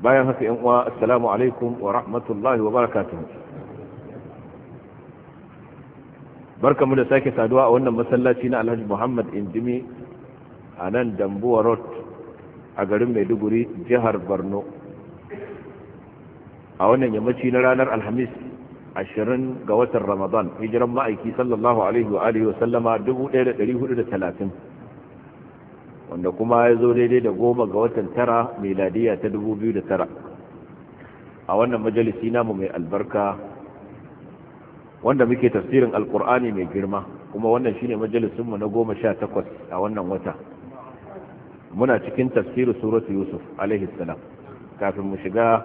bayan haka yan uwa assalamu alaikum wa rahmatullahi wa barakatuhu barkamu da sake saduwa a wannan masallaci na Alhaji Muhammad Indimi a nan Dambuwa Road a garin Maiduguri jihar Borno a wannan yammaci na ranar Alhamis 20 ga watan Ramadan hijiran ma'aiki sallallahu alaihi wa alihi wa sallama 1430 wanda kuma ya zo daidai da goma ga watan tara meladiya ta dubu biyu da tara a wannan majalisi namu mai albarka wanda muke tafsirin alkur'ani mai girma kuma wannan shine majalisinmu na goma sha takwas a wannan wata muna cikin tafsirin suratu yusuf alaihissalam kafin mu shiga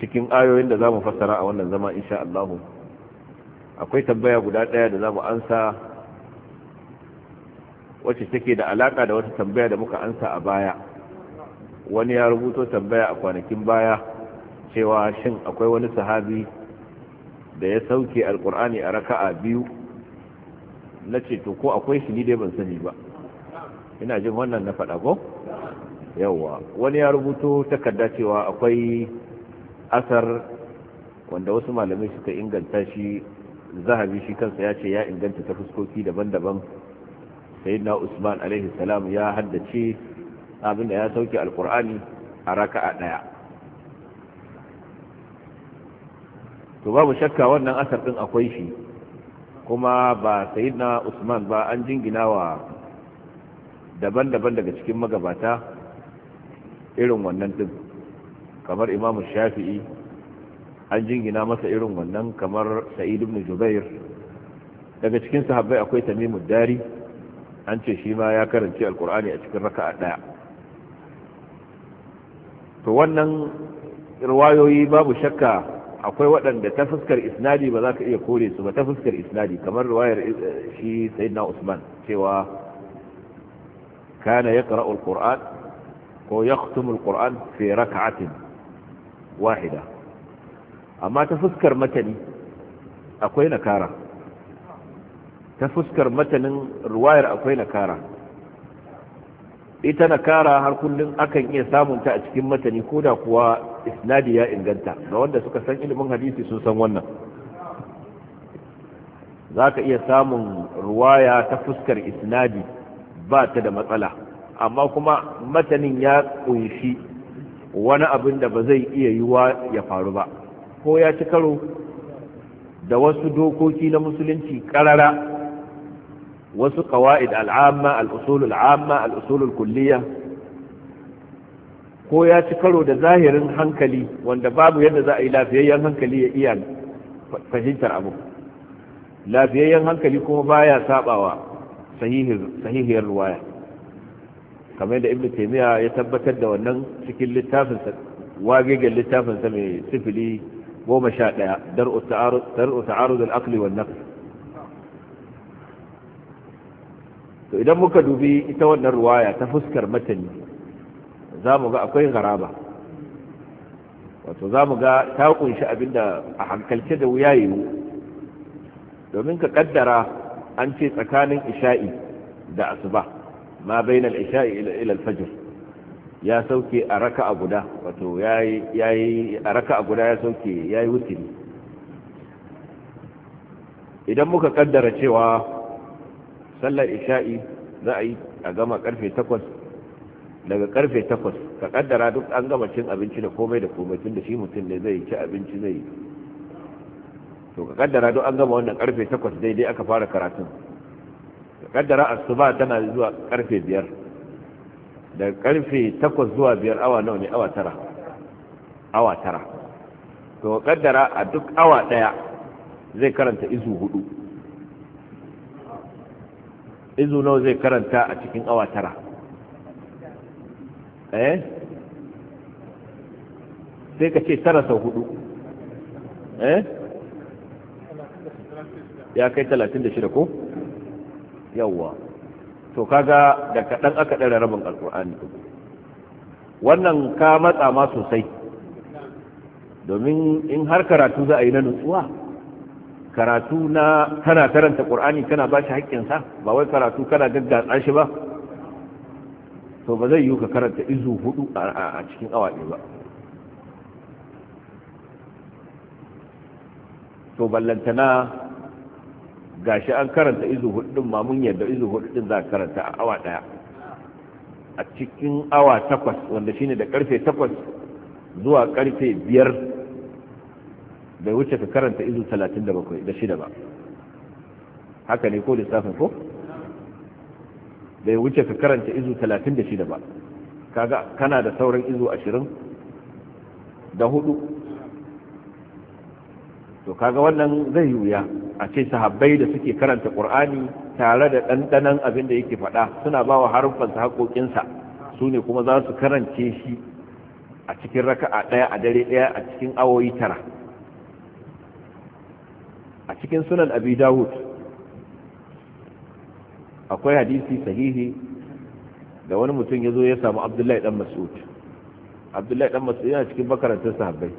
cikin ayoyin da za mu fassara a wannan zama insha Allah akwai tambaya guda ɗaya da za mu ansa wacce take da alaka da wata tambaya da muka ansa a baya wani ya rubuto tambaya a kwanakin baya cewa shin akwai wani sahabi da ya sauke alkur'ani a raka'a biyu na ce to ko akwai shi ni dai ban sani ba ina jin wannan na faɗa ko yawa wani ya rubuto takarda cewa akwai asar wanda wasu malamai suka inganta shi zahabi shi kansa ya ce ya inganta ta fuskoki daban-daban sayyidina usman alaihi salam ya haddace abinda ya sauke alkur'ani a raka'a to babu shakka wannan asar din akwai shi kuma ba sayyidina usman ba an jingina wa daban-daban daga cikin magabata irin wannan din kamar imamu shafi'i an jingina masa irin wannan kamar sa'id ibn jubair daga cikin sahabbai akwai tamimud dari an ce shi ma ya karanci alkur'ani a cikin raka'a daya to wannan riwayoyi babu shakka akwai waɗanda ta fuskar isnadi ba za ka iya kore su ba ta fuskar isnadi kamar riwayar eh, shi sayyidina usman cewa kana yaqra'u alquran ko yaqtumu ƙur'an fi rak'atin wahida amma ta fuskar matani akwai nakara ta fuskar matanin ruwayar akwai nakara ita nakara har kullum akan iya samunta a cikin matani ko da kuwa isnadi ya inganta ga wanda suka san ilimin hadisi sun san wannan za ka iya samun ruwaya ta fuskar isnadi ba ta da matsala amma kuma matanin ya kunshi wani abin da ba zai iya yi wa ya faru ba ko ya ci karo da wasu dokoki na musulunci karara wasu qawaid al'amma al'usul al'amma al'usul kulliya ko ya ci karo da zahirin hankali wanda babu yadda za a yi lafiyayyen hankali ya iya fahimtar abu lafiyayyen hankali kuma baya sabawa sahihiyar ruwaya kamar da ibnu taymiya ya tabbatar da wannan cikin littafin sa wagegen littafin sa mai sifili 11 dar'u ta'arud al-aqli wan naql to idan muka dubi ita wannan ruwaya ta fuskar matani za mu ga akwai garaba wato za mu ga ta kunshi abinda a hankalce da wuya yiwu domin ka kaddara an ce tsakanin isha'i da asuba ma bainal isha'i ila fajr ya sauke a raka guda wato yayi a a guda ya sauke yayi wutiri idan muka kaddara cewa sallar isha'i za a yi a gama karfe takwas daga karfe takwas ka kaddara duk an gama cin abinci da komai da komai tun da shi mutum ne zai ci abinci zai to ka kaddara duk an gama wannan karfe takwas daidai aka fara karatun ka kaddara asuba tana zuwa karfe biyar daga karfe takwas zuwa biyar awa nawa ne awa tara awa tara to ka kaddara a duk awa ɗaya zai karanta izu hudu izu nawa zai karanta a cikin awa tara eh sai ka ce tara sau hudu eh ya kai talatin da shida ko yawwa to kaga da kaɗan aka ɗara rabin alƙur'ani wannan ka matsa ma sosai domin in har karatu za a yi na nutsuwa karatu na kana karanta qur'ani kana ba shi haƙƙinsa ba wai karatu kana gaggatsa shi ba to ba zai yiwu ka karanta izu hudu a cikin awa ba to ballantana gashi an karanta izu din ma mun yadda izu hudu din za a karanta a awa daya a cikin awa takwas wanda shine da karfe takwas zuwa karfe biyar bai wuce ka karanta izu 37 da shida ba haka ne ko lissafin ko bai wuce ka karanta izu 36 ba kaga kana da sauran izu 20 da hudu to kaga wannan zai wuya a ce sahabbai da suke karanta qur'ani tare da dandanan abin da yake faɗa suna ba wa harfansa haƙoƙinsa su ne kuma za su karance shi a cikin raka'a ɗaya a dare ɗaya a cikin awoyi tara cikin sunan abi dawud akwai hadisi sahihi da wani mutum ya zo ya samu abdullahi dan mas'ud abdullahi dan mas'ud yana cikin bakarantar sahabbai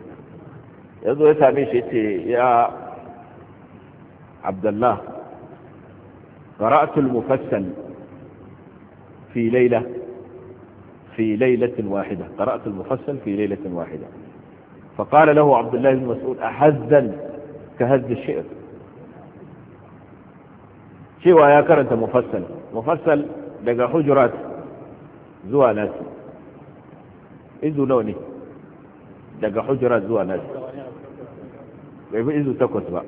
ya zo ya same shi ya ce ya abdullah qara'atul mufassal fi layla في ليلة واحدة قرأت المفصل في ليلة واحدة فقال له عبد الله بن مسعود أحزا كهز الشئر cewa ya karanta mufassal mufassal daga hujurat zuwa nasi izu nawa ne daga hujurat zuwa nasi bai fi izu takwas ba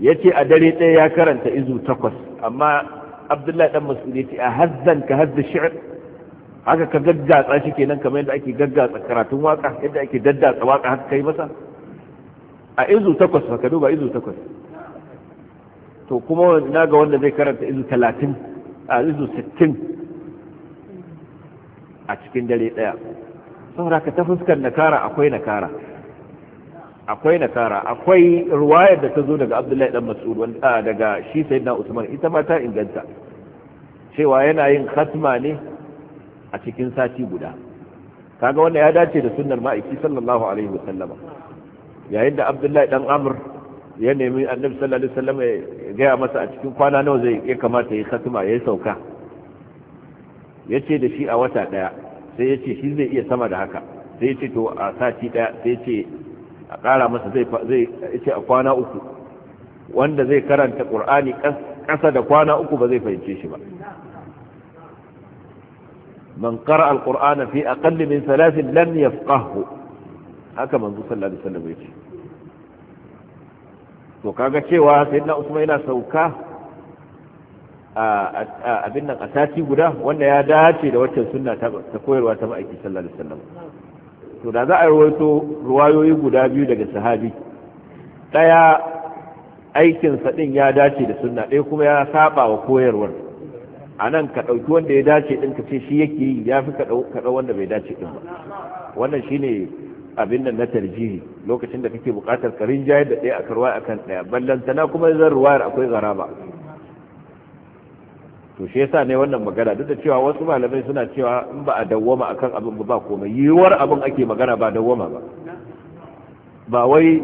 ya ce a dare ɗaya ya karanta izu takwas amma abdullahi dan masudi ce a hazzan ka hazza shi'ar haka ka gaggatsa shi nan kamar yadda ake gaggatsa karatun waka yadda ake daddatsa waka haka kai masa a izu takwas ba ka duba izu takwas to kuma na ga wanda zai karanta izu talatin a izu sittin a cikin dare ɗaya sun raka ta fuskar nakara akwai nakara akwai nakara akwai ruwayar da ta zo daga abdullahi dan wanda daga shi sai na usman ita ma ta inganta cewa yana yin khatma ne a cikin sati guda kaga wannan ya dace da sunnar ma'aiki sallallahu alaihi wasallama yayin da abdullahi dan amr ya nemi annabi sallallahu alaihi wasallam ya gaya masa a cikin kwana nawa zai ya kamata ya khatma ya sauka yace da shi a wata daya sai yace shi zai iya sama da haka sai yace to a sati daya sai yace a kara masa zai zai yace a kwana uku wanda zai karanta qur'ani kasa da kwana uku ba zai fahimce shi ba man qara al-qur'ana fi aqall min thalath lam yafqahu haka manzo sallallahu alaihi wasallam yace to kaga cewa sai na usman yana sauka a abin nan a sati guda wanda ya dace da waccan sunna ta koyarwa ta ma'aiki sallallahu alaihi wasallam to da za a rawaito ruwayoyi guda biyu daga sahabi daya aikin sa din ya dace da sunna ɗaya kuma ya saba wa koyarwar anan nan ka ɗauki wanda ya dace din ka ce shi yake yi ya fi ka wanda bai dace din ba wannan shine abin da na tarjihi lokacin da kake buƙatar karin jayar da ɗaya a karwa a kan ɗaya ballantana kuma zan ruwayar akwai garaba to shi yasa ne wannan magana duk da cewa wasu malamai suna cewa in ba a dawwama akan abin ba komai yiwuwar abin ake magana ba dawwama ba ba wai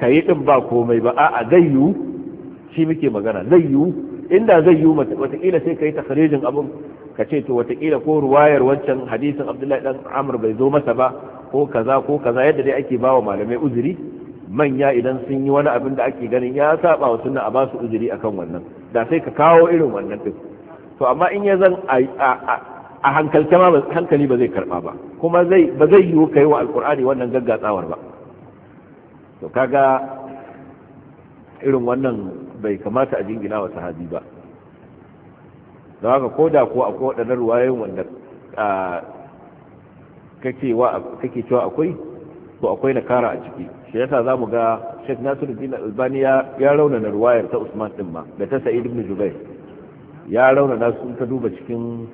ka yi ɗin ba komai ba a'a zai yiwu shi muke magana zai yiwu inda zai yiwu watakila sai ka yi takarijin abin ka ce to watakila ko ruwayar wancan hadisin abdullahi dan amur bai zo masa ba ko kaza ko kaza yadda dai ake bawa malamai uzuri manya idan sun yi wani abin da ake ganin ya saba wa sunna a ba su uzuri akan wannan da sai ka kawo irin wannan din to amma in ya zan a hankalce ma hankali ba zai karba ba kuma zai ba zai yiwu kai wa alkur'ani wannan gaggatsawar ba to kaga irin wannan bai kamata a jingina wa sahabi ba da haka ko da ko akwai waɗannan ruwayoyin wanda kake cewa akwai to akwai na kara a ciki shi yasa za mu ga sheikh nasiruddin albani ya raunana ruwayar ta usman din ma da ta sa'id ibn jubair ya raunana su ta duba cikin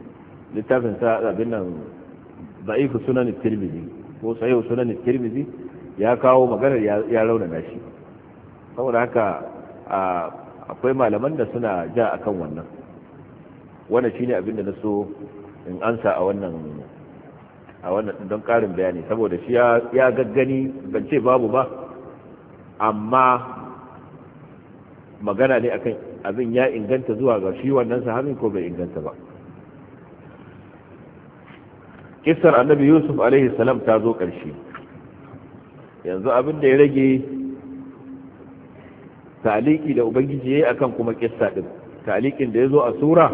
littafin sa abin nan da'ifu sunan tirmidhi ko sahih sunan tirmidhi ya kawo magana ya raunana shi saboda haka akwai malaman da suna ja akan wannan wannan shine abin da na so in ansa a wannan a wannan don karin bayani saboda shi ya gaggani ban ce babu ba amma magana ne akan abin ya inganta zuwa ga shi wannan sahabin ko bai inganta ba kissar annabi yusuf alaihi salam ta zo ƙarshe yanzu abin da ya rage taliki da ubangiji ya yi akan kuma kissa din talikin da ya zo a sura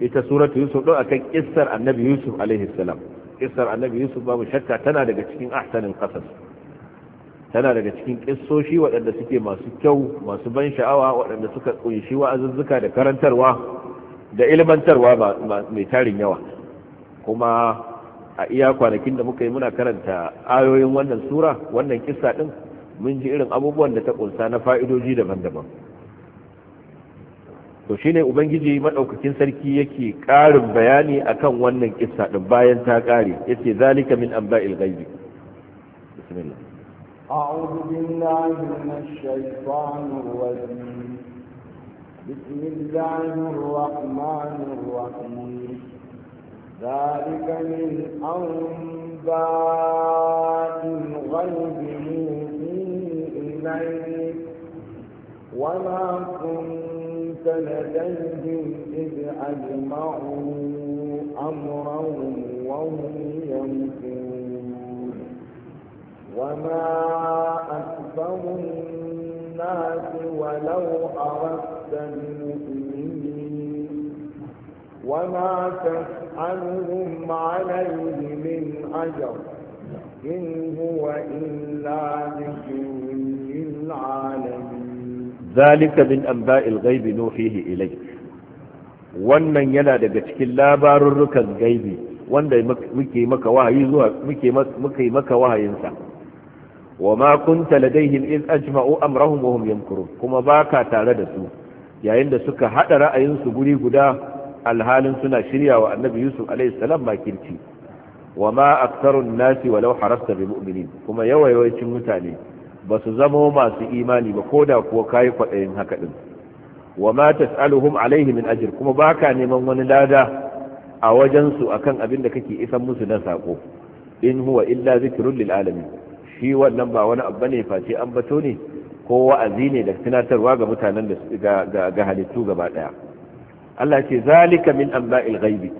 ita suratu yusuf don akan kissar annabi yusuf alaihi salam kissar annabi yusuf babu shakka tana daga cikin ahsanin qasas tana daga cikin kissoshi waɗanda suke masu kyau masu ban sha'awa waɗanda suka kunshi wa'azuzzuka da karantarwa da ilmantarwa mai tarin yawa kuma a iya kwanakin da muka yi muna karanta ayoyin wannan sura wannan kissa din mun ji irin abubuwan da ta kunsa na fa'idoji daban-daban to ne ubangiji madaukakin sarki yake ƙarin bayani a kan wannan ƙisa ɗin bayan ta kare ce zalika min an ghaibi bismillah بسم الله الرحمن الرحيم ذلك من أنباء الغيب نوحيه إليك وما كنت لديهم إذ أجمعوا أمرا وهم يمكرون وما أكبر الناس ولو أردت المؤمنين وما تسألهم عليه من أجر إن هو إلا ذكر للعالمين zalika min anba'il ghaibi nuhihi ilayk wannan yana daga cikin labarurrukan gaibi wanda muke maka wahayi zuwa muke muke maka wahayinsa wa ma kunta ladaihim iz ajma'u amrahum wa hum yamkurun kuma baka tare da su yayin da suka hada ra'ayinsu guri guda alhalin suna shirya wa annabi yusuf alaihi salam makirci wa ma aktarun nasi walau harasta bi mu'minin kuma yawayawancin mutane ba su zama masu imani ba ko da kuwa kayi kwaɗayin haka ɗin wa ma tas'aluhum alaihi min ajr kuma baka neman wani lada a wajen su akan abin da kake isan musu na sako in huwa illa zikrun lil alamin shi wannan ba wani abu ne face an bato ne ko wa'azi ne da tunatarwa ga mutanen da ga halittu gaba daya Allah ce zalika min Amba'il ghaibi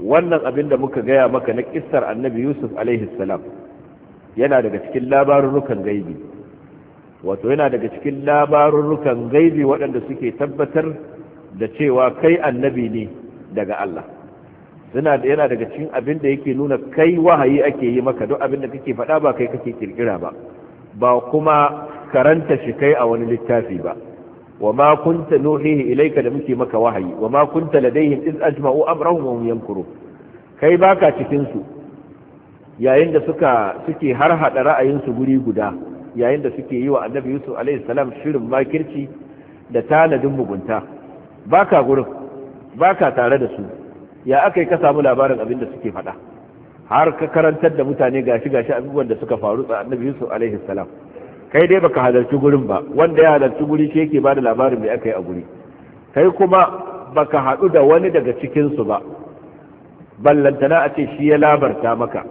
wannan abin da muka gaya maka na kissar annabi Yusuf alaihi salam yana daga cikin labarurrukan gaibi wato yana daga cikin labarurrukan gaibi waɗanda suke tabbatar da cewa kai annabi ne daga Allah suna da yana daga cikin abin da yake nuna kai wahayi ake yi maka duk abin da kake faɗa ba kai kake kirkira ba ba kuma karanta shi kai a wani littafi ba wa ma kunta nuhihi ilayka da muke maka wahayi wa ma kunta ladaihim iz ajma'u amrahum wa hum kai baka cikin su yayin da suka suke har hada ra'ayinsu guri guda yayin da suke yi wa annabi yusuf alaihi salam shirin makirci da tanadin mugunta baka gurin baka tare da su ya aka yi ka samu labarin abin da suke faɗa har ka karantar da mutane gashi gashi abubuwan da suka faru a annabi yusuf alaihi salam kai dai baka halarci gurin ba wanda ya halarci guri shi yake bada labarin da aka yi a guri kai kuma baka haɗu da wani daga cikinsu ba ballantana a ce shi ya labarta maka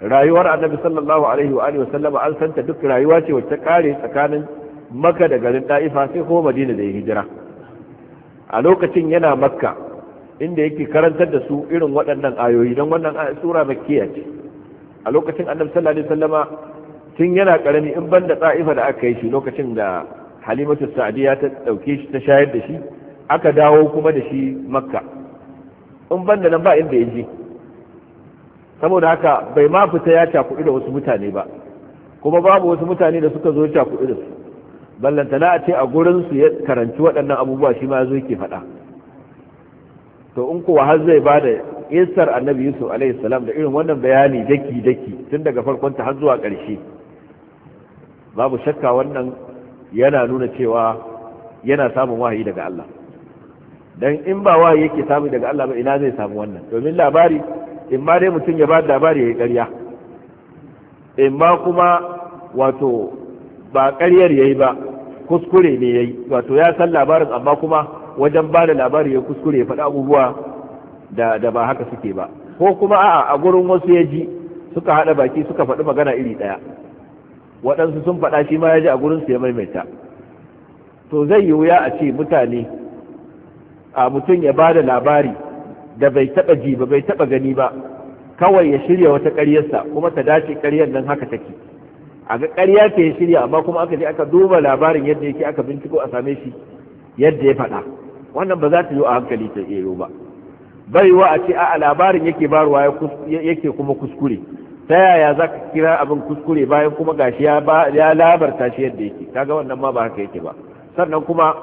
rayuwar annabi sallallahu alaihi wa alihi wasallama an santa duk rayuwa ce wacce kare tsakanin makka da garin da'ifa sai kuma madina da ya hijira a lokacin yana makka inda yake karantar da su irin waɗannan ayoyi don wannan sura makkiya ce a lokacin annabi sallallahu alaihi wasallama tun yana karami in banda da'ifa da aka yi shi lokacin da halimatu sa'diya ta dauke shi ta shayar da shi aka dawo kuma da shi makka in banda nan ba inda ya je saboda haka bai ma fita ya cakuɗi da wasu mutane ba kuma babu wasu mutane da suka zo cakuɗi da su na a ce a gurin su ya karanci waɗannan abubuwa shi ma zo yake faɗa to in kuwa har zai ba da isar annabi yusuf alaihi da irin wannan bayani daki daki tun daga farkon ta har zuwa ƙarshe babu shakka wannan yana nuna cewa yana samun wahayi daga Allah dan in ba wahayi yake samu daga Allah ba ina zai samu wannan domin labari in ma dai mutum ya ba da labari ya yi ƙarya in ma kuma wato ba ƙaryar ya yi ba kuskure ne ya yi wato ya san labarin amma kuma wajen ba da labari ya kuskure ya faɗi abubuwa da, ba haka suke ba ko kuma a'a a gurin wasu ya ji suka haɗa baki suka faɗi magana iri ɗaya waɗansu sun faɗa shi ma ya ji a gurin su ya maimaita to zai yi wuya a ce mutane a mutum ya ba da labari da bai taba ji ba bai taba gani ba kawai ya shirya wata ƙaryarsa kuma ta dace ƙaryar nan haka take a ga ƙarya ta ya shirya amma kuma aka je aka duba labarin yadda yake aka binciko a same shi yadda ya faɗa wannan ba za ta yi a hankali ta iya ba wa a ce a labarin yake barwa yake kuma kuskure ta yaya za ka kira abin kuskure bayan kuma gashi ya labarta shi yadda yake kaga wannan ma ba haka yake ba sannan kuma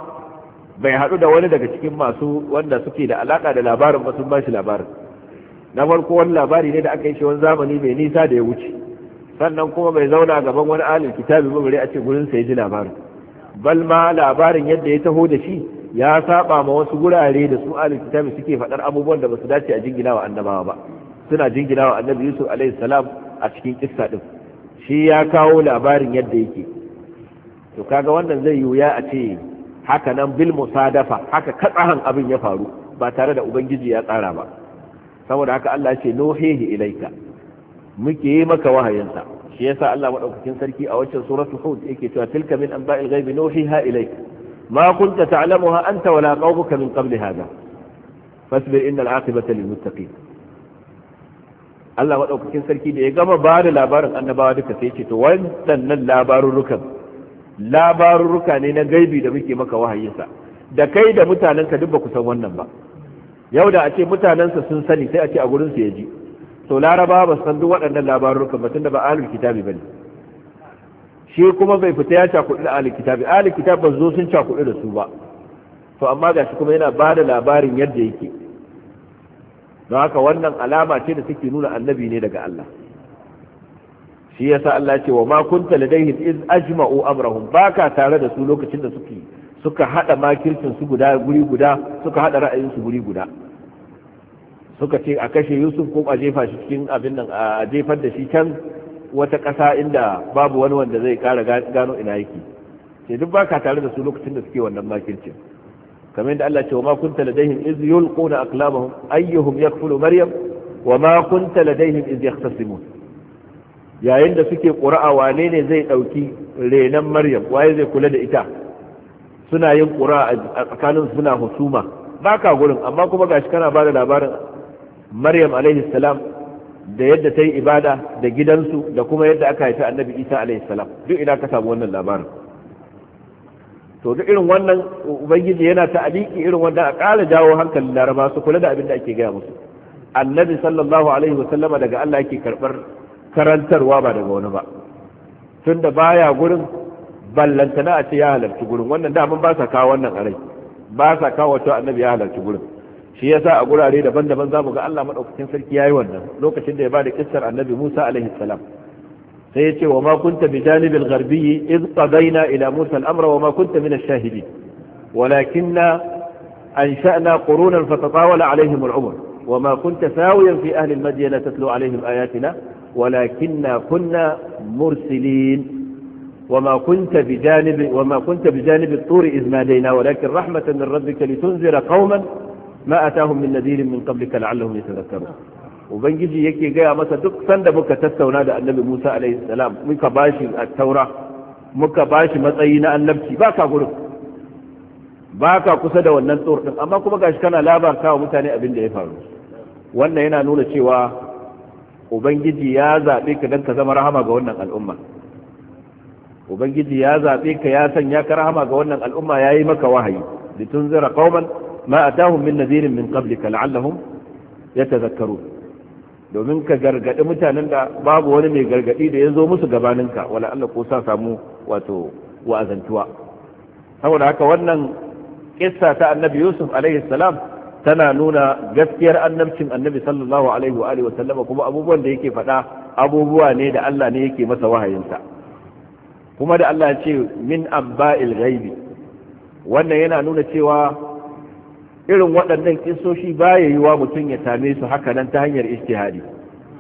bai haɗu da wani daga cikin masu wanda suke da alaka da labarin ba sun ba shi labarin na farko wani labari ne da aka yi shi wani zamani mai nisa da ya wuce sannan kuma bai zauna gaban wani alin kitabi ba bare a ce gurin sai ji labarin bal ma labarin yadda ya taho da shi ya saba ma wasu gurare da su alin kitabi suke faɗar abubuwan da basu dace a jingina wa annabawa ba suna jingina wa annabi yusuf alaihi salam a cikin kissa din shi ya kawo labarin yadda yake to kaga wannan zai yi wuya a ce haka nan bil musadafa haka katsahan abin ya faru ba tare da ubangiji ya tsara ba saboda haka Allah ce nohehi ilaika muke yi maka wahayinsa shi yasa Allah madaukakin sarki a waccan suratul hud yake cewa tilka min anba'il ghaibi nohiha ilaika ma kunta ta'lamuha anta wala qaumuka min qabli hadha fasbir innal aqibata lil muttaqin Allah madaukakin sarki da ya gama ba da labarin annabawa duka sai ce to waɗannan labarurrukan labarurruka ne na gaibi da muke maka wahayinsa da kai da mutanenka duk ba ku san wannan ba yau da a ce mutanensa sun sani sai a ce a gurinsu ya ji to laraba ba san duk waɗannan labarurrukan ba tunda ba ahlul kitabi bane shi kuma bai fita ya cakuɗi da ahlul kitabi ahlul kitabi ba zo sun cakuɗi da su ba to amma gashi kuma yana ba da labarin yadda yake don haka wannan alama ce da take nuna annabi ne daga Allah shi yasa Allah ce wa ma kunta ladaihim iz ajma'u amrahum baka tare da su lokacin da suke suka hada makircin su guda guri guda suka hada ra'ayin su guri guda suka ce a kashe Yusuf ko a jefa shi cikin abin nan a jefar da shi can wata ƙasa inda babu wani wanda zai ƙara gano ina yake sai duk baka tare da su lokacin da suke wannan makircin kamar yadda Allah ce wa ma kunta ladaihim iz yulquna aqlamahum ayyuhum yakfulu maryam wa ma kunta ladaihim iz yahtasimun yayin da suke ƙura'a wane ne zai ɗauki renon maryam waye zai kula da ita suna yin ƙura'a a tsakanin suna husuma ba ka gurin amma kuma gashi kana ba da labarin maryam alaihi salam da yadda ta yi ibada da gidansu da kuma yadda aka haifi annabi isa alaihi salam duk ina ka samu wannan labarin to duk irin wannan ubangiji yana ta'aliki irin wannan a ƙara jawo hankalin laraba su kula da abin da ake gaya musu annabi sallallahu alaihi wasallama daga Allah yake karɓar. karantarwa ba daga wani ba tunda baya gurin ballantana a ce ya halarci gurin wannan daman ba sa kawo wannan arai ba sa kawo wato annabi ya halarci gurin shi yasa a gurare daban-daban za mu ga Allah madaukakin sarki yayi wannan lokacin da ya bada kissar annabi Musa alaihi salam sai yace wa ma kunta bi janibil gharbiyyi id qadaina ila Musa al-amra wa ma kunta min ash-shahidin walakinna ansha'na qurunan fatatawala alaihim al-umr وما كنت ساويا في أهل المدينة تتلو عليهم آياتنا ولكننا كنا مرسلين وما كنت بجانب, وما كنت بجانب الطور إذ نادينا ولكن رحمة من ربك لتنذر قوما ما أتاهم من نذير من قبلك لعلهم يتذكرون ubangiji yake gaya masa duk sanda muka tattauna da annabi Musa alaihi salam muka bashi at-taura muka bashi matsayi na annabci baka gurin baka kusa da wannan tsor din amma kuma gashi kana labar kawo mutane abin da ya faru wannan yana nuna cewa ubangiji ya zaɓe ka don ka zama rahama ga wannan al'umma ubangiji ya zaɓe ka ya sanya ka rahama ga wannan al'umma ya yi maka wahayi litunzira qauman ma atahum min nadhirin min qablika la'allahum zakaru domin ka gargaɗi mutanen da babu wani mai gargaɗi da ya zo musu gabaninka wala Allah ko sa samu wato wa'azantuwa saboda haka wannan kissa ta annabi yusuf alaihi salam tana nuna gaskiyar annabcin annabi sallallahu alaihi wa alihi wasallama kuma abubuwan da yake faɗa abubuwa ne da Allah ne yake masa wahayinsa kuma da Allah ce min abba'il ghaibi wannan yana nuna cewa irin waɗannan kisoshi baya wa mutum ya same su haka nan ta hanyar ijtihadi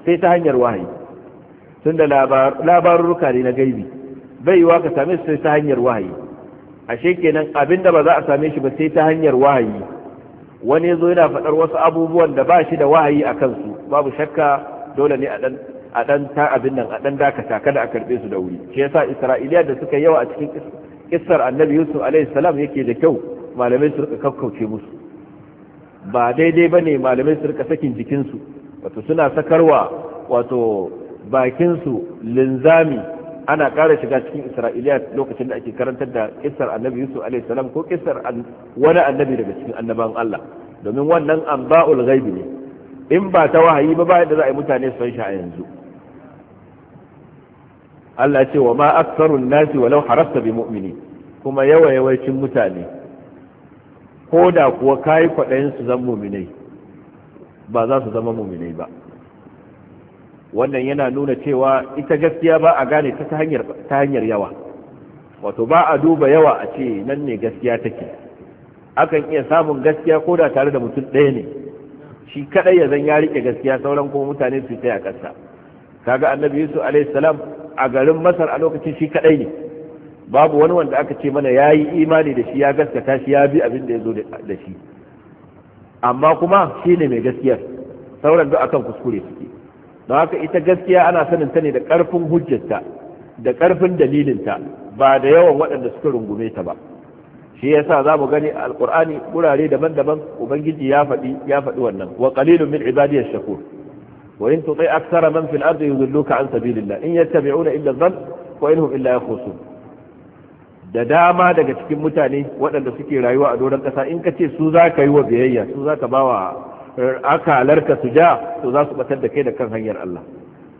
sai ta hanyar wahayi tunda labarurruka ne na gaibi bai yi wa ka same su sai ta hanyar wahayi ashe kenan abinda ba za a same shi ba sai ta hanyar wahayi wani zo yana faɗar wasu abubuwan da ba shi da wahayi a kansu babu shakka dole ne a dan a dan ta abin nan a dan dakata kada a karbe su da wuri shi yasa isra'iliya da suka yawa a cikin kissar annabi yusuf alayhi salam yake da kyau malamai su rika kakkauce musu ba daidai ba ne malamai su rika sakin jikinsu wato suna sakarwa wato bakinsu linzami ana ƙara shiga cikin isra'iliya lokacin da ake karantar da kisar annabi yusuf alayhi salam ko kisar wani annabi daga cikin annaban allah domin wannan anba'ul ghaibi ne in ba ta wahayi ba ba da za a yi mutane su san a yanzu Allah ce wa ma aktharun nasi walau harasta bi mu'mini kuma yawa yawancin mutane ko da kuwa kai kwaɗayin su zan mu'minai ba za su zama mu'minai ba wannan yana nuna cewa ita gaskiya ba a gane ta ta hanyar yawa wato ba a duba yawa a ce nan ne gaskiya take akan iya samun gaskiya ko da tare da mutum ɗaya ne shi kadai ya zan ya rike gaskiya sauran kuma mutane su ta a ƙasa kaga annabi yusuf alaihi salam a garin masar a lokacin shi kadai ne babu wani wanda aka ce mana ya yi imani da shi ya gaskata shi ya bi abin da ya zo da shi amma kuma shi ne mai gaskiyar sauran duk akan kuskure suke don haka ita gaskiya ana sanin ta ne da ƙarfin hujjarta da ƙarfin dalilinta ba da yawan waɗanda suka rungume ta ba shi yasa za mu gani a alkur'ani wurare daban-daban ubangiji ya faɗi ya faɗi wannan wa qalilun min ibadiyash shakur wa in tuti aktsara man fil ardi yudilluka an sabilillah in yattabi'una illa dhann wa in illa yakhusun da dama daga cikin mutane waɗanda suke rayuwa a doron ƙasa in ka ce su za ka yi wa biyayya su za ka bawa akalarka su ja to za su batar da kai da kan hanyar Allah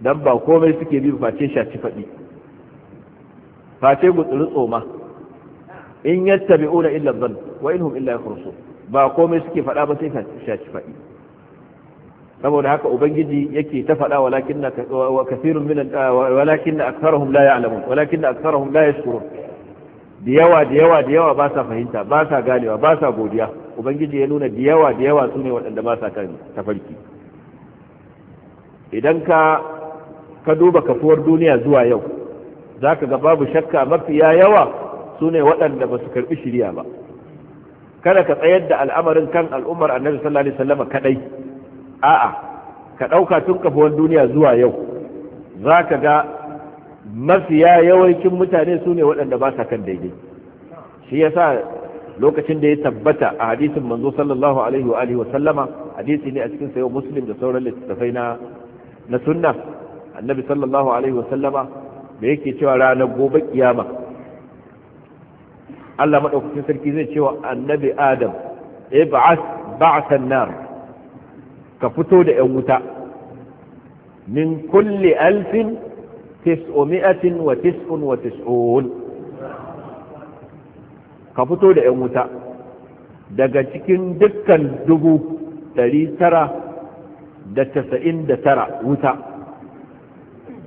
dan ba komai suke bi face shaci faɗi face gutsuri tsoma in yattabi'una illa dhann wa innahum illa yakhrusu ba komai suke faɗa ba sai shaci faɗi saboda haka ubangiji yake ta faɗa walakin na kasirun min walakin aktharuhum la ya'lamun walakin aktharuhum la yashkurun da yawa da yawa da yawa ba sa fahimta ba sa ganewa ba sa godiya ubangiji ya nuna da yawa da yawa su ne waɗanda ba sa kan tafarki idan ka ka duba kafuwar duniya zuwa yau za ka ga babu shakka mafiya yawa su ne waɗanda ba su karɓi shirya ba kada ka tsayar da al'amarin kan al'ummar annabi sallallahu alaihi wasallam kadai a'a ka ɗauka tun kafuwar duniya zuwa yau za ka ga mafiya yawancin mutane su ne waɗanda ba sa kan daidai shi yasa lokacin da ya tabbata a hadisin manzo sallallahu alaihi wa alihi wa sallama hadisi ne a cikin sayo muslim da sauran littattafai na na sunna annabi sallallahu alaihi wa sallama da yake cewa ranar gobe kiyama Allah madaukakin sarki zai cewa annabi adam ib'as ba'san nar ka fito da yan wuta min kulli alfin tis'umi'atin wa tis'un wa tis'un ka fito da 'yan wuta daga cikin dukkan dubu ɗari tara da tasa'in da tara wuta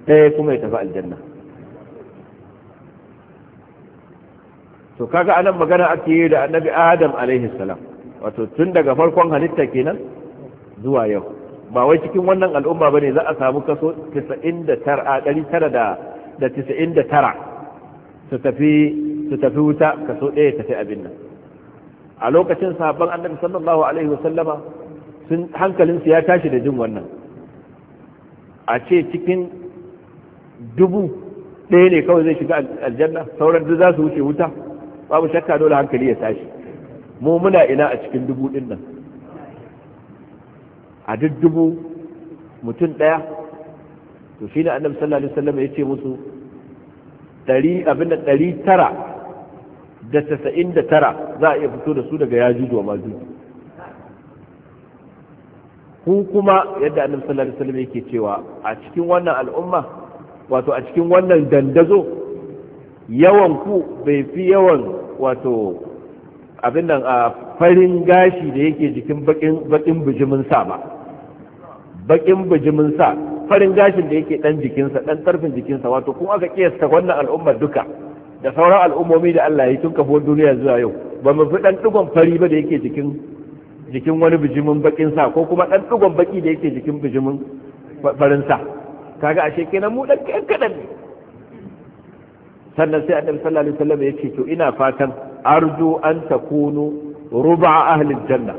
ɗaya kuma ya tafi aljanna to kaga anan magana ake yi da annabi adam alaihi salam wato tun daga farkon halitta kenan zuwa yau ba wai cikin wannan al'umma bane za a samu kaso 99 su tafi su tafi wuta kaso ɗaya tafi abin nan a lokacin sahabban annabi sallallahu alaihi wasallama sun su ya tashi da jin wannan a ce cikin dubu ɗaya ne kawai zai shiga aljanna sauran duk za su wuce wuta babu shakka dole hankali ya tashi mu muna ina a cikin dubu ɗin nan a duk dubu mutum ɗaya to shi ne annabi sallallahu alaihi wasallam ya ce musu ɗari abin da ɗari tara da tasa'in da tara za a iya fito da su daga yaji wa majuj ku kuma yadda annabi sallallahu alaihi wasallam yake cewa a cikin wannan al'umma wato a cikin wannan dandazo yawan ku bai fi yawan wato abin nan a farin gashi da yake jikin bakin bijimin sa ba bakin bijimin sa farin gashin da yake dan jikinsa dan tarfin jikinsa wato kuma aka kiyasta wannan al'ummar duka da sauran al'ummomi da Allah ya tun kafuwar duniya zuwa yau ba mu fi dan ɗigon fari ba da yake jikin jikin wani bijimin bakin sa ko kuma dan ɗigon baki da yake jikin bijimin farin sa kaga ashe kenan mu dan kadan ne sannan sai annabi sallallahu alaihi wasallam ya ce to ina fatan arju an takunu ruba ahli janna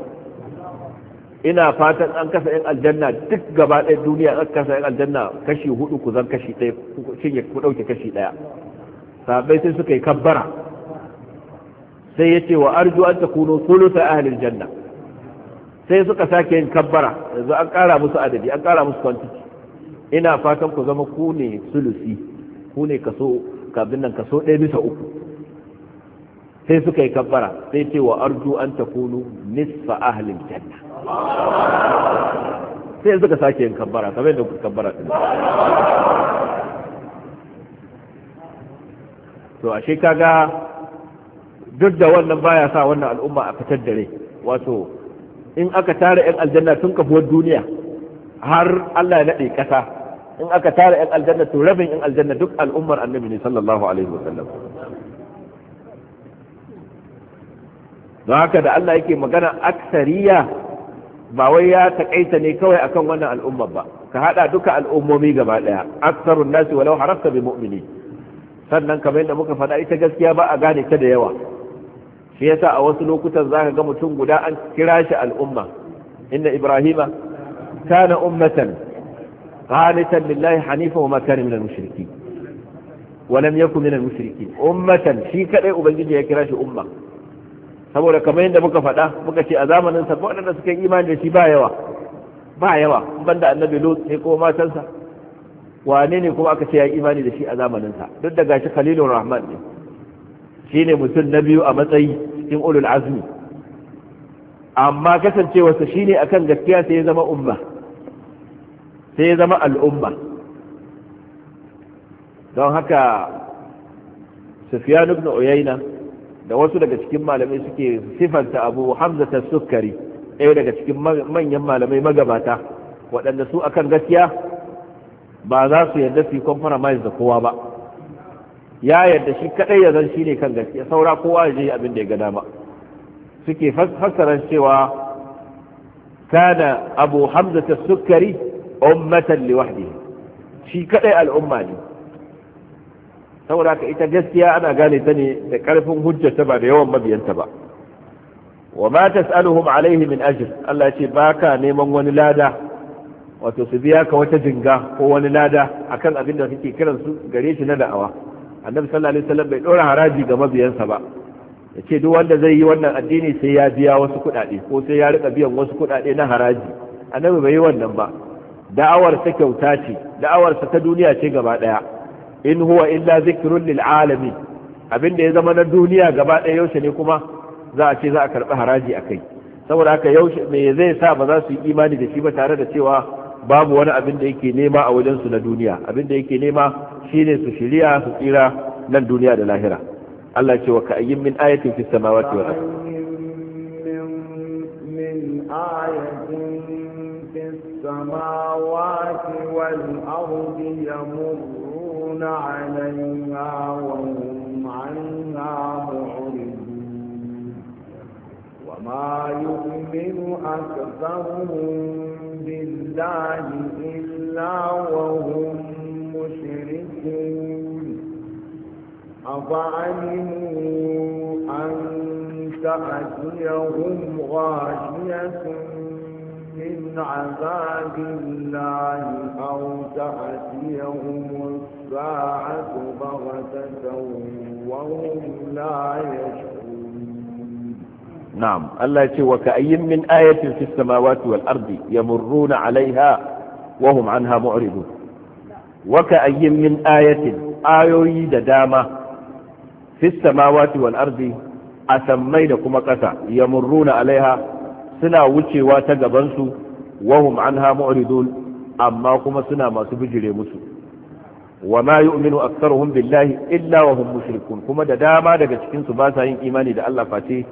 ina fatan an kasa yan aljanna duk gaba ɗaya duniya an kasa yan aljanna kashi hudu ku zan kashi ɗaya ku cinye ku ɗauke kashi ɗaya sahabbai sai suka yi kabbara sai ya ce wa arju an takunu sulusa ahalin janna sai suka sake yin kabbara yanzu an kara musu adadi an kara musu kwantiti ina fatan ku zama ku ne sulusi ku ne kaso kabin nan kaso ɗaya bisa uku sai suka yi kabbara sai ce wa arju an takunu nisfa ahalin janna sai suka sake yin kabbara kamar yadda kuka kabbara din to ashe kaga duk da wannan baya sa wannan al'umma a fitar da wato in aka tara 'yan aljanna tun kafuwar duniya har Allah ya naɗe ƙasa in aka tara 'yan aljanna to rabin 'yan aljanna duk al'ummar annabi ne sallallahu alaihi wasallam don haka da Allah yake magana aksariya ba wai ya takaita ne kawai akan wannan al'ummar ba ka hada duka al'ummomi gaba daya aksarun nasi walau harafta bi mu'mini sannan kamar yadda muka faɗa ita gaskiya ba a gane ta da yawa shi yasa a wasu lokutan zaka ga mutum guda an kira shi al'umma inna ibrahima kana ummatan qanitan lillahi hanifa wa ma kana minal mushriki wa lam yakun minal mushriki ummatan shi kadai ubangiji ya kira shi umma saboda kamar yadda muka faɗa muka ce a zamanin sa waɗanda suka imani da shi ba yawa ba yawa banda annabi lut sai ko matansa wane ne kuma aka ce ya imani da shi a zamanin sa? duk da gashi Khalilun rahman ne shi ne mutum na biyu a matsayi cikin ulul azmi amma kasancewarsa shi ne akan gaskiya sai ya zama umma sai ya zama al'umma don haka sufyan ibn uyayna da wasu daga cikin malamai suke sifanta abu hamza ta sukari ɗaya daga cikin manyan malamai magabata waɗanda su akan gaskiya ba za su yarda su yi compromise da kowa ba ya yarda shi kadai ya zan shi ne kan gaskiya saura kowa ya je abin da ya gada dama suke fassara cewa kana abu hamza ta sukari ummatan li wahdihi shi kadai al'umma ne saboda ka ita gaskiya ana gane ta ne da karfin hujjata ba da yawan mabiyanta ba wa ma tas'aluhum alaihi min ajr Allah ya ce baka neman wani lada wato su biya ka wata jinga ko wani lada akan abin da suke kiran su gare shi na da'awa annabi sallallahu alaihi wasallam bai dora haraji ga mabiyansa ba ya ce duk wanda zai yi wannan addini sai ya biya wasu kuɗaɗe ko sai ya rika biyan wasu kuɗaɗe na haraji annabi bai yi wannan ba da'awar ta kyauta ce da'awar sa ta duniya ce gaba daya in huwa illa zikrun lil alamin abin da ya zama na duniya gaba ɗaya yaushe ne kuma za a ce za a karɓi haraji a kai saboda haka yaushe me zai sa ba za su yi imani da shi ba tare da cewa babu wani abin da yake nema a wajensu na duniya abin da yake nema shine su shirya su tsira nan duniya da lahira Allah ce wa ka'ayyin min ayatin fis samawati wal ard min samawati wal ard yamurruna 'alayha wa hum 'anha mu'ridun wa ma yu'minu الله إلا وهم مشركون أفعلموا أن تأتيهم غاشية من عذاب الله أو تأتيهم الساعة بغتة وهم لا يشعرون na'am Allah ya ce wa ka ayyin min ayatin fis samawati wal ardi yamurruna alaiha wa hum anha mu'ridun wa ka ayyin min ayatin ayoyi da dama fis samawati wal ardi a sammai da kuma ƙasa yamurruna alaiha suna wucewa ta gabansu su wa hum anha amma kuma suna masu bijire musu wa ma yu'minu aktharuhum billahi illa wa kuma da dama daga cikinsu ba sa yin imani da Allah face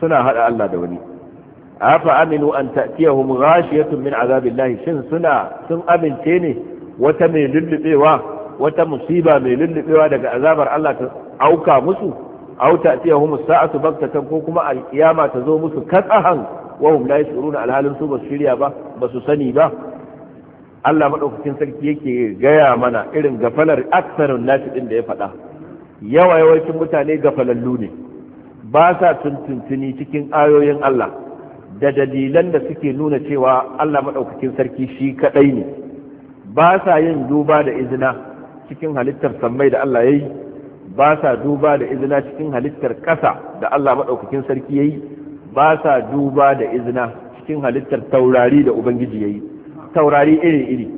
suna haɗa Allah da wani afa aminu an ta'tiyahum ghashiyatun min azabillahi shin suna sun amince ne wata mai lullubewa wata musiba mai lullubewa daga azabar Allah ta auka musu aw ta'tiyahum sa'atu baghtatan ko kuma alqiyama ta zo musu katsahan wa hum la yashuruna alhalin su basu shirya ba basu sani ba Allah madaukakin sarki yake gaya mana irin gafalar aksarun nasi din da ya faɗa yawa yawancin mutane gafalallu ne ba sa tuntuntuni cikin ayoyin Allah da dalilan da suke nuna cewa Allah maɗaukakin sarki shi kaɗai ne ba sa yin duba da izina cikin halittar sammai da Allah ya yi ba sa duba da izina cikin halittar ƙasa da Allah maɗaukakin sarki ya yi ba sa duba da izina cikin halittar taurari da Ubangiji ya yi taurari iri-iri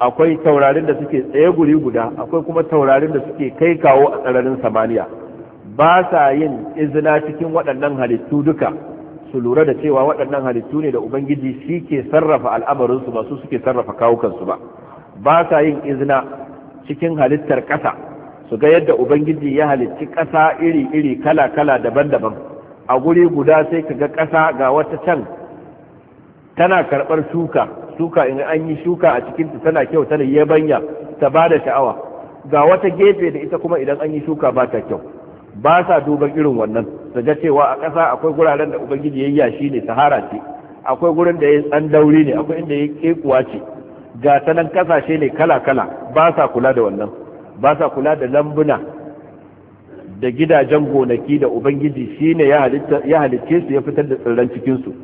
akwai taurarin da suke tsaye guri guda akwai kuma taurarin da suke kai kawo a tsararin samaniya ba sa yin izina cikin waɗannan halittu duka su lura da cewa waɗannan halittu ne da ubangiji shi ke sarrafa al'amarinsu ba su suke sarrafa kawukansu ba ba sa yin izina cikin halittar ƙasa su ga yadda ubangiji ya halitti ƙasa iri-iri kala-kala daban-daban a guri guda sai ka ga ƙasa ga wata can tana karɓar shuka shuka in an yi shuka a ta tana kyau tana yabanya ta ba da sha'awa ga wata gefe da ita kuma idan an yi shuka ba ta kyau ba sa duban irin wannan su ga cewa a ƙasa akwai guraren da ubangiji ya yashi ne sahara ce akwai gurin da ya tsan dauri ne akwai inda ya kekuwa ce ga sanan kasashe ne kala kala ba sa kula da wannan ba sa kula da lambuna da gidajen gonaki da ubangiji shi ne ya halicce su ya fitar da tsirran cikin su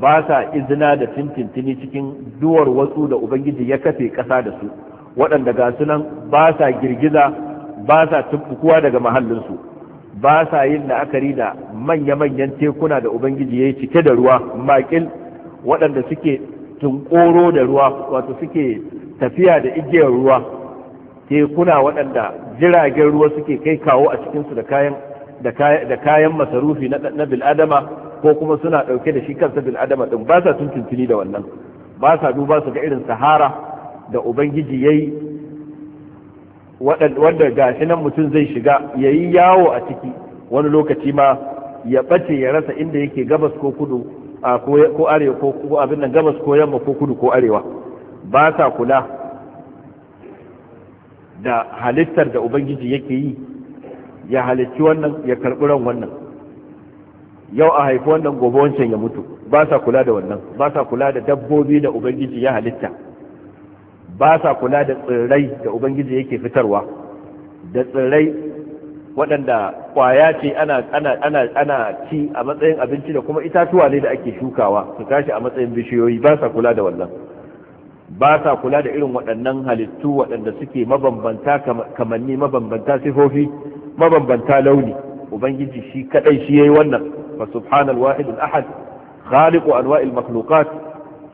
ba sa izina da tintintini cikin duwar wasu da ubangiji ya kafe ƙasa da su waɗanda ga sunan ba sa girgiza ba sa tufkuwa daga mahallinsu ba sa yin la'akari da manya-manyan tekuna da ubangiji ya yi cike da ruwa makil waɗanda suke tunkoro da ruwa wato suke tafiya da igiyar ruwa tekuna waɗanda jiragen ruwa suke kai kawo a cikinsu da kayan da kayan masarufi na bil'adama ko kuma suna ɗauke da shi kansa bil'adama ɗin ba sa tuntuntuni da wannan ba sa duba su ga irin sahara da ubangiji ya yi wanda ga shi nan mutum zai shiga ya yi yawo a ciki wani lokaci ma ya ɓace ya rasa inda yake gabas ko kudu ko arewa ko abin nan gabas ko yamma ko kudu ko arewa ba sa kula da halittar da ubangiji yake yi ya halicci wannan ya karɓi ran wannan yau a haifi wannan gobe wancan ya mutu ba sa kula da wannan ba sa kula da dabbobi da ubangiji ya halitta ba sa kula da tsirrai da ubangiji yake fitarwa da tsirrai waɗanda ƙwaya ce ana ana ci a matsayin abinci da kuma itatuwa ne da ake shukawa su tashi a matsayin bishiyoyi ba sa kula da wannan ba sa kula da irin waɗannan halittu waɗanda suke mabambanta kamanni mabambanta sifofi mabambanta launi ubangiji shi kadai shi yayi wannan fa subhanal wahid al ahad khaliqu anwa'il makhluqat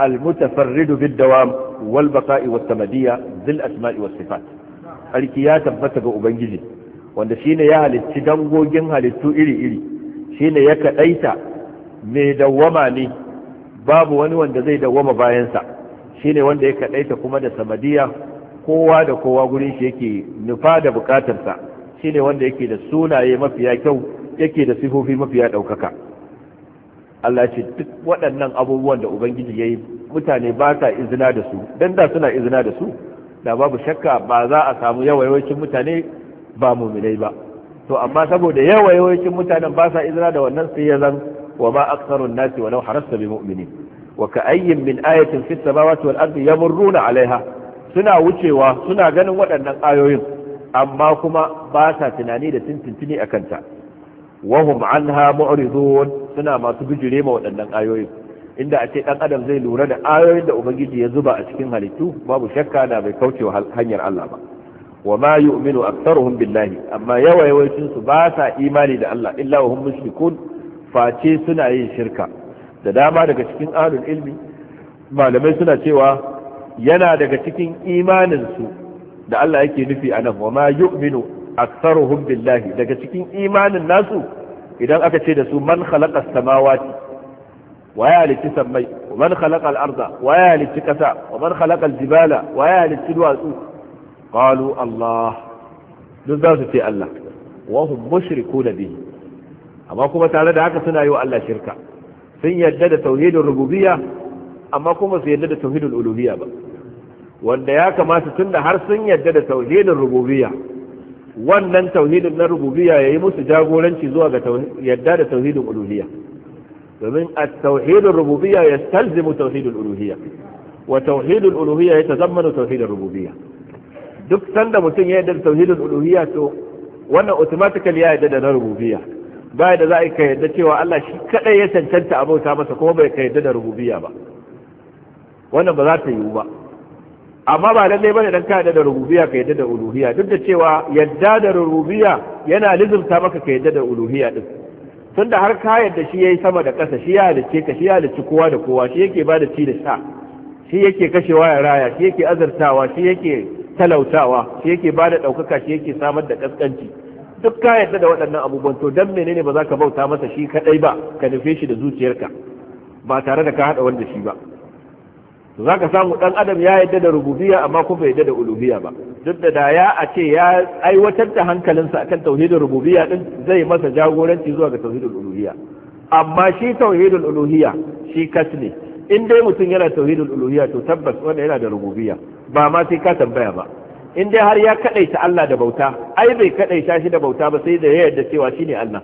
المتفرد بالدوام samadiyya والتمدية asma'i الأسماء sifat. alki ya tabbata ga ubangiji wanda shine ya halicci dangogin halittu iri-iri shine ya kadaita mai dawwama ne babu wani wanda zai dawwama bayansa shine wanda ya kadaita kuma da samadiyya kowa da kowa gurin shi yake nufa da bukatarsa shine wanda yake da sunaye mafiya kyau yake da sifofi mafiya daukaka Allah ce duk waɗannan abubuwan da ubangiji ya yi mutane ba ta izina da su don da suna izina da su da babu shakka ba za a samu yawayawacin mutane ba muminai ba to amma saboda yawayawacin mutanen ba sa izina da wannan sai ya zan wa a aksarun nasi wa nau harasta bi mu'mini. wa ka ayyin min ayatin fis samawati wal ardi yamurruna alaiha suna wucewa suna ganin waɗannan ayoyin amma kuma ba sa tunani da tintintini a kanta wahum anha mu'ridun suna masu bijire ma waɗannan ayoyin inda a ce dan adam zai lura da ayoyin da ubangiji ya zuba a cikin halittu babu shakka na bai kauce hanyar Allah ba wa ma yu'minu aktharuhum billahi amma yawa yawancin su ba sa imani da Allah illa wa hum mushrikun face suna yin shirka da dama daga cikin ahlul ilmi malamai suna cewa yana daga cikin imanin su da Allah yake nufi anan wa ma yu'minu aktsaruhum billahi daga cikin imanin nasu idan aka ce da su man khalaqa samawati wa ya halitti sammai wa man khalaqa al-arda wa ya halitti kasa wa man khalaqa al-jibala wa ya halitti duwatsu qalu Allah duk za su ce Allah wa hum mushrikuna bihi amma kuma tare da haka suna yi wa Allah shirka sun yadda da tauhidin rububiyya amma kuma su yadda da tauhidin uluhiyya ba wanda ya kamata tunda har sun yadda da tauhidin rububiyya wannan tauhidin na rububiyya yi musu jagoranci zuwa ga yadda da tauhidin uluhiyya domin a tauhid ar-rububiyya yastalzimu tauhid al-uluhiyya wa tauhid al-uluhiyya yatazammanu tauhid ar-rububiyya duk sanda mutum ya yarda da tauhid al-uluhiyya to wannan automatically ya yadda da na rububiyya ba da za a ka yadda cewa Allah shi kadai ya cancanta abauta masa kuma bai ka yadda da rububiyya ba wannan ba za ta yiwu ba amma ba lalle bane dan ka yadda da rububiyya ka yadda da uluhiyya duk da cewa yadda da rububiyya yana lizumta maka ka yadda da uluhiyya din tunda har ka yadda shi yayi sama da ƙasa shi ya halicce ka shi ya halicci kowa da kowa shi yake bada ci da sha shi yake kashewa ya raya shi yake azartawa shi yake talautawa shi yake bada ɗaukaka shi yake samar da kaskanci duk ka yadda da waɗannan abubuwan to dan menene ba za ka bauta masa shi kaɗai ba ka nufe shi da zuciyarka ba tare da ka haɗa wanda shi ba to zaka samu dan adam ya yadda da rububiyya amma kuma yadda da uluhiyya ba duk da da ya a ce ya aiwatar da hankalinsa akan tauhidin rububiyya din zai masa jagoranci zuwa ga tauhidul uluhiyya amma shi tauhidin uluhiyya shi kasne in dai mutum yana tauhidin uluhiyya to tabbas wanda yana da rububiyya ba ma sai ka tambaya ba in dai har ya kadaita Allah da bauta ai bai kadaita shi da bauta ba sai da ya yarda cewa shine Allah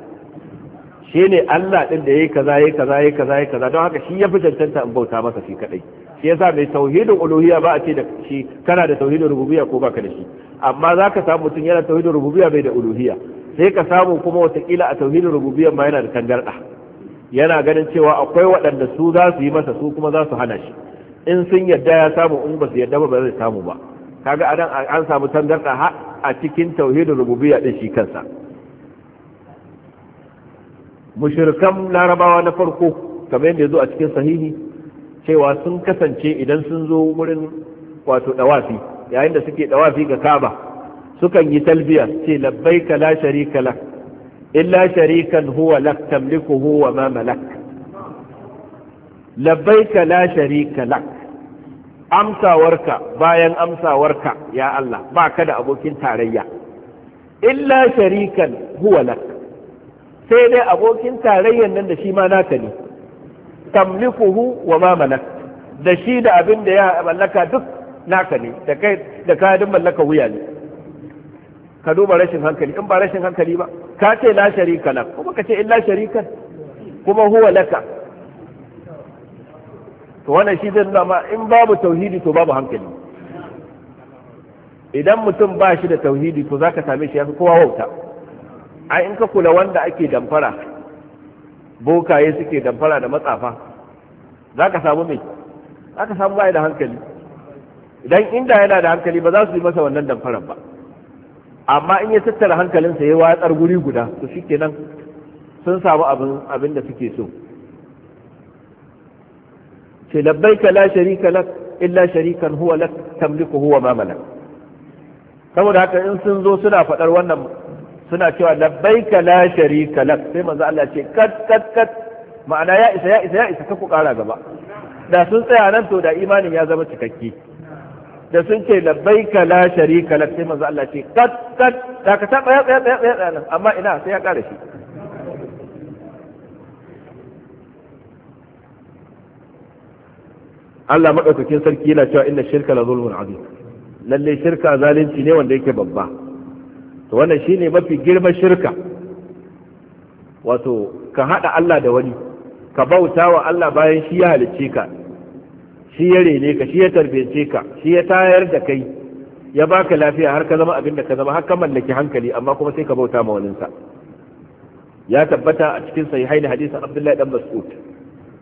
shine Allah din da yayi kaza yayi kaza yayi kaza yayi kaza don haka shi ya fi cancanta in bauta masa shi kadai shi yasa mai tauhidin uluhiyya ba a ce da shi kana da tauhidin rububiyya ko baka da shi amma zaka samu mutum yana tauhidin rububiyya bai da uluhiyya sai ka samu kuma watakila a tauhidin rububiyya ma yana da tangarda yana ganin cewa akwai waɗanda su za su yi masa su kuma za su hana shi in sun yadda ya samu in ba su yadda ba ba zai samu ba kaga anan an samu tangarda ha a cikin tauhidin rububiyya din shi kansa mushrikan larabawa na farko kamar yadda ya zo a cikin sahihi cewa sun kasance idan sun zo wurin wato dawafi yayin da suke dawafi ga kaba sukan yi talbiya ce ka la sharika lak illa sharikan huwa lak tamlikuhu wa ma malak ka la sharika lak amsawarka bayan amsawarka ya Allah ba ka da abokin tarayya illa sharikan huwa lak sai dai abokin tarayyan nan da shi ma naka ne tamlikuhu wa ma malak da shi da abin da ya mallaka duk naka ne da kai da kayan mallaka wuya ne ka duba rashin hankali in ba rashin hankali ba ka ce la sharika lak kuma ka ce illa sharikan kuma huwa laka to wannan shi zai nuna ma in babu tauhidi to babu hankali idan mutum ba shi da tauhidi to zaka same shi yafi kowa wauta ai in ka kula wanda ake damfara bokaye suke damfara da matsafa za ka samu mai za ka samu bayan da hankali idan inda yana da hankali ba za su yi masa wannan damfaran ba amma in ya tattara hankalinsa ya watsar guri guda to shi kenan sun samu abin da suke so ce ka la sharika lak illa sharikan huwa lak tamliku huwa ma malak saboda haka in sun zo suna faɗar wannan suna cewa labbaika la sharika lak sai manzo Allah ce kat kat kat ma'ana ya isa ya isa ya isa ku kara gaba da sun tsaya nan to da imanin ya zama cikakke da sun ce labbaika la sharika lak sai manzo Allah ce kat kat da ka taba ya tsaya tsaya tsaya nan amma ina sai ya kara shi Allah madaukakin sarki yana cewa inna shirka la zulmun azim lalle shirka zalunci ne wanda yake babba to wannan shine mafi girman shirka wato ka hada Allah da wani ka bauta wa Allah bayan shi ya halicce ka shi ya rene ka shi ya tarbece ka shi ya tayar da kai ya baka lafiya har ka zama abin da ka zama har ka mallaki hankali amma kuma sai ka bauta ma waninsa ya tabbata a cikin sahihain hadisin Abdullahi dan Mas'ud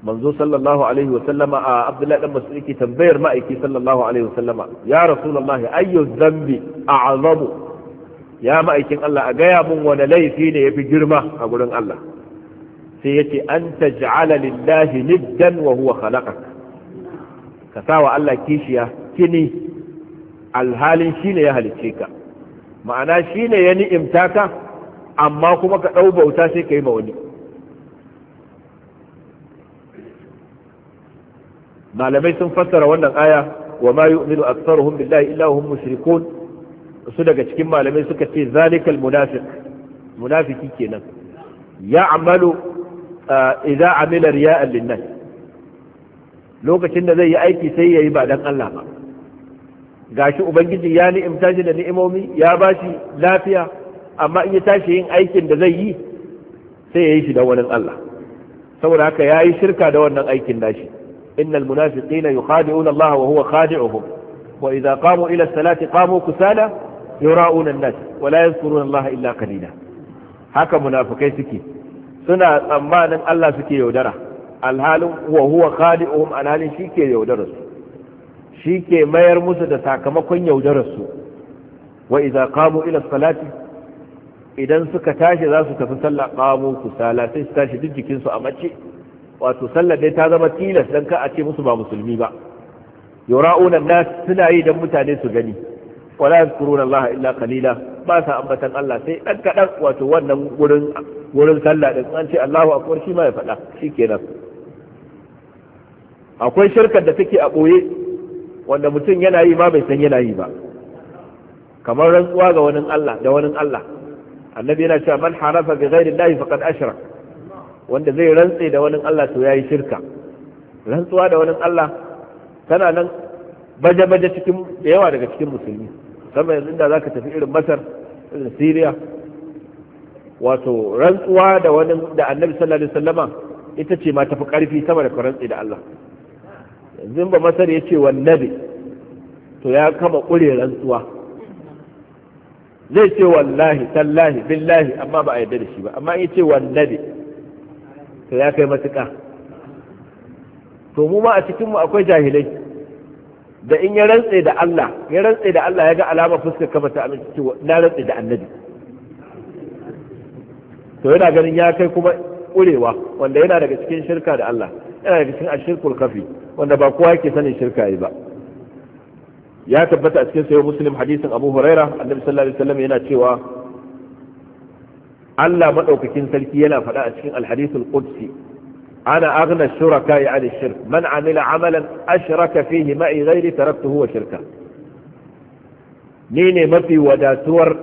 manzo sallallahu alaihi wa sallama a Abdullahi dan Mas'ud yake tambayar ma'aiki sallallahu alaihi wa sallama ya Rasulullah ayyu dhanbi a'zamu ya ma'aikin Allah a gaya mun wani laifi ne ya fi girma a gurin Allah sai ya ce an ta ja'ala lillahi niddan wa huwa khalaqak ka sa wa Allah kishiya kini alhalin shi ne ya halicce ka ma'ana shi ne ya ni'imta ka amma kuma ka ɗau bauta sai ka yi ma wani malamai sun fassara wannan aya wa ma yu'minu aktsaruhum billahi illa hum mushrikun su daga cikin malamai suka ce zalikal munafik, munafiki kenan ya amalu eh, idza amila riya'an linnas lokacin da zai yi aiki sai yayi ba dan Allah ba gashi ubangiji ya ni'imta shi da ni'imomi ya bashi lafiya amma in ya tashi yin aikin da zai yi sai ya yi shi da wannan Allah saboda haka ya yi shirka da wannan aikin nashi innal munafiqina yukhadi'una Allah wa huwa khadi'uhum wa idza qamu ila as-salati qamu kusala yura'una nas wala yazkuruna Allah illa qalila haka munafikai suke suna tsammanin Allah suke yaudara alhalin wa huwa khali'uhum alhalin shike yaudarar su shike mayar musu da sakamakon yaudarar su wa idza qamu ila salati idan suka tashi za su tafi sallah qamu kusala sai su tashi duk jikin su a mace wato sallar dai ta zama tilas dan ka a ce musu ba musulmi ba yura'una nas suna yi dan mutane su gani wala yadhkuruna Allah illa qalila ba sa ambatan Allah sai dan kadan wato wannan gurin gurin sallah din an ce Allahu akbar shi ma ya faɗa shikenan akwai shirkar da take a boye wanda mutum yana yi ma bai san yana yi ba kamar rantsuwa ga wani Allah da wani Allah annabi yana cewa man harafa bi ghairi Allah faqad ashrak wanda zai rantse da wani Allah to yayi shirka rantsuwa da wani Allah tana nan baje-baje cikin da yawa daga cikin musulmi musamman yanzu da za ka tafi irin masar irin siriya wato rantsuwa da wani da annabi sallallahu alaihi wasallama ita ce ma tafi karfi sama da rantsi da Allah yanzu ba masar ya ce wannabi to ya kama kure rantsuwa zai ce wallahi tallahi billahi amma ba a yarda da shi ba amma ya ce wannabi to ya kai matuƙa to mu ma a cikinmu akwai jahilai da in ya rantse da Allah ya rantse da Allah ya ga alama fuskar kafa ta amince cewa na rantse da annabi to yana ganin ya kai kuma kurewa wanda yana daga cikin shirka da Allah yana daga cikin ashirkul kafi wanda ba kowa yake sanin shirka yi ba ya tabbata a cikin sayo muslim hadisin abu huraira annabi sallallahu alaihi wasallam yana cewa Allah madaukakin sarki yana faɗa a cikin alhadisul qudsi ana aghna shuraka ya ani shirk man amila amalan ashraka fihi ma'i ghairi taraktuhu wa shirka ni ne mafi wadatuwar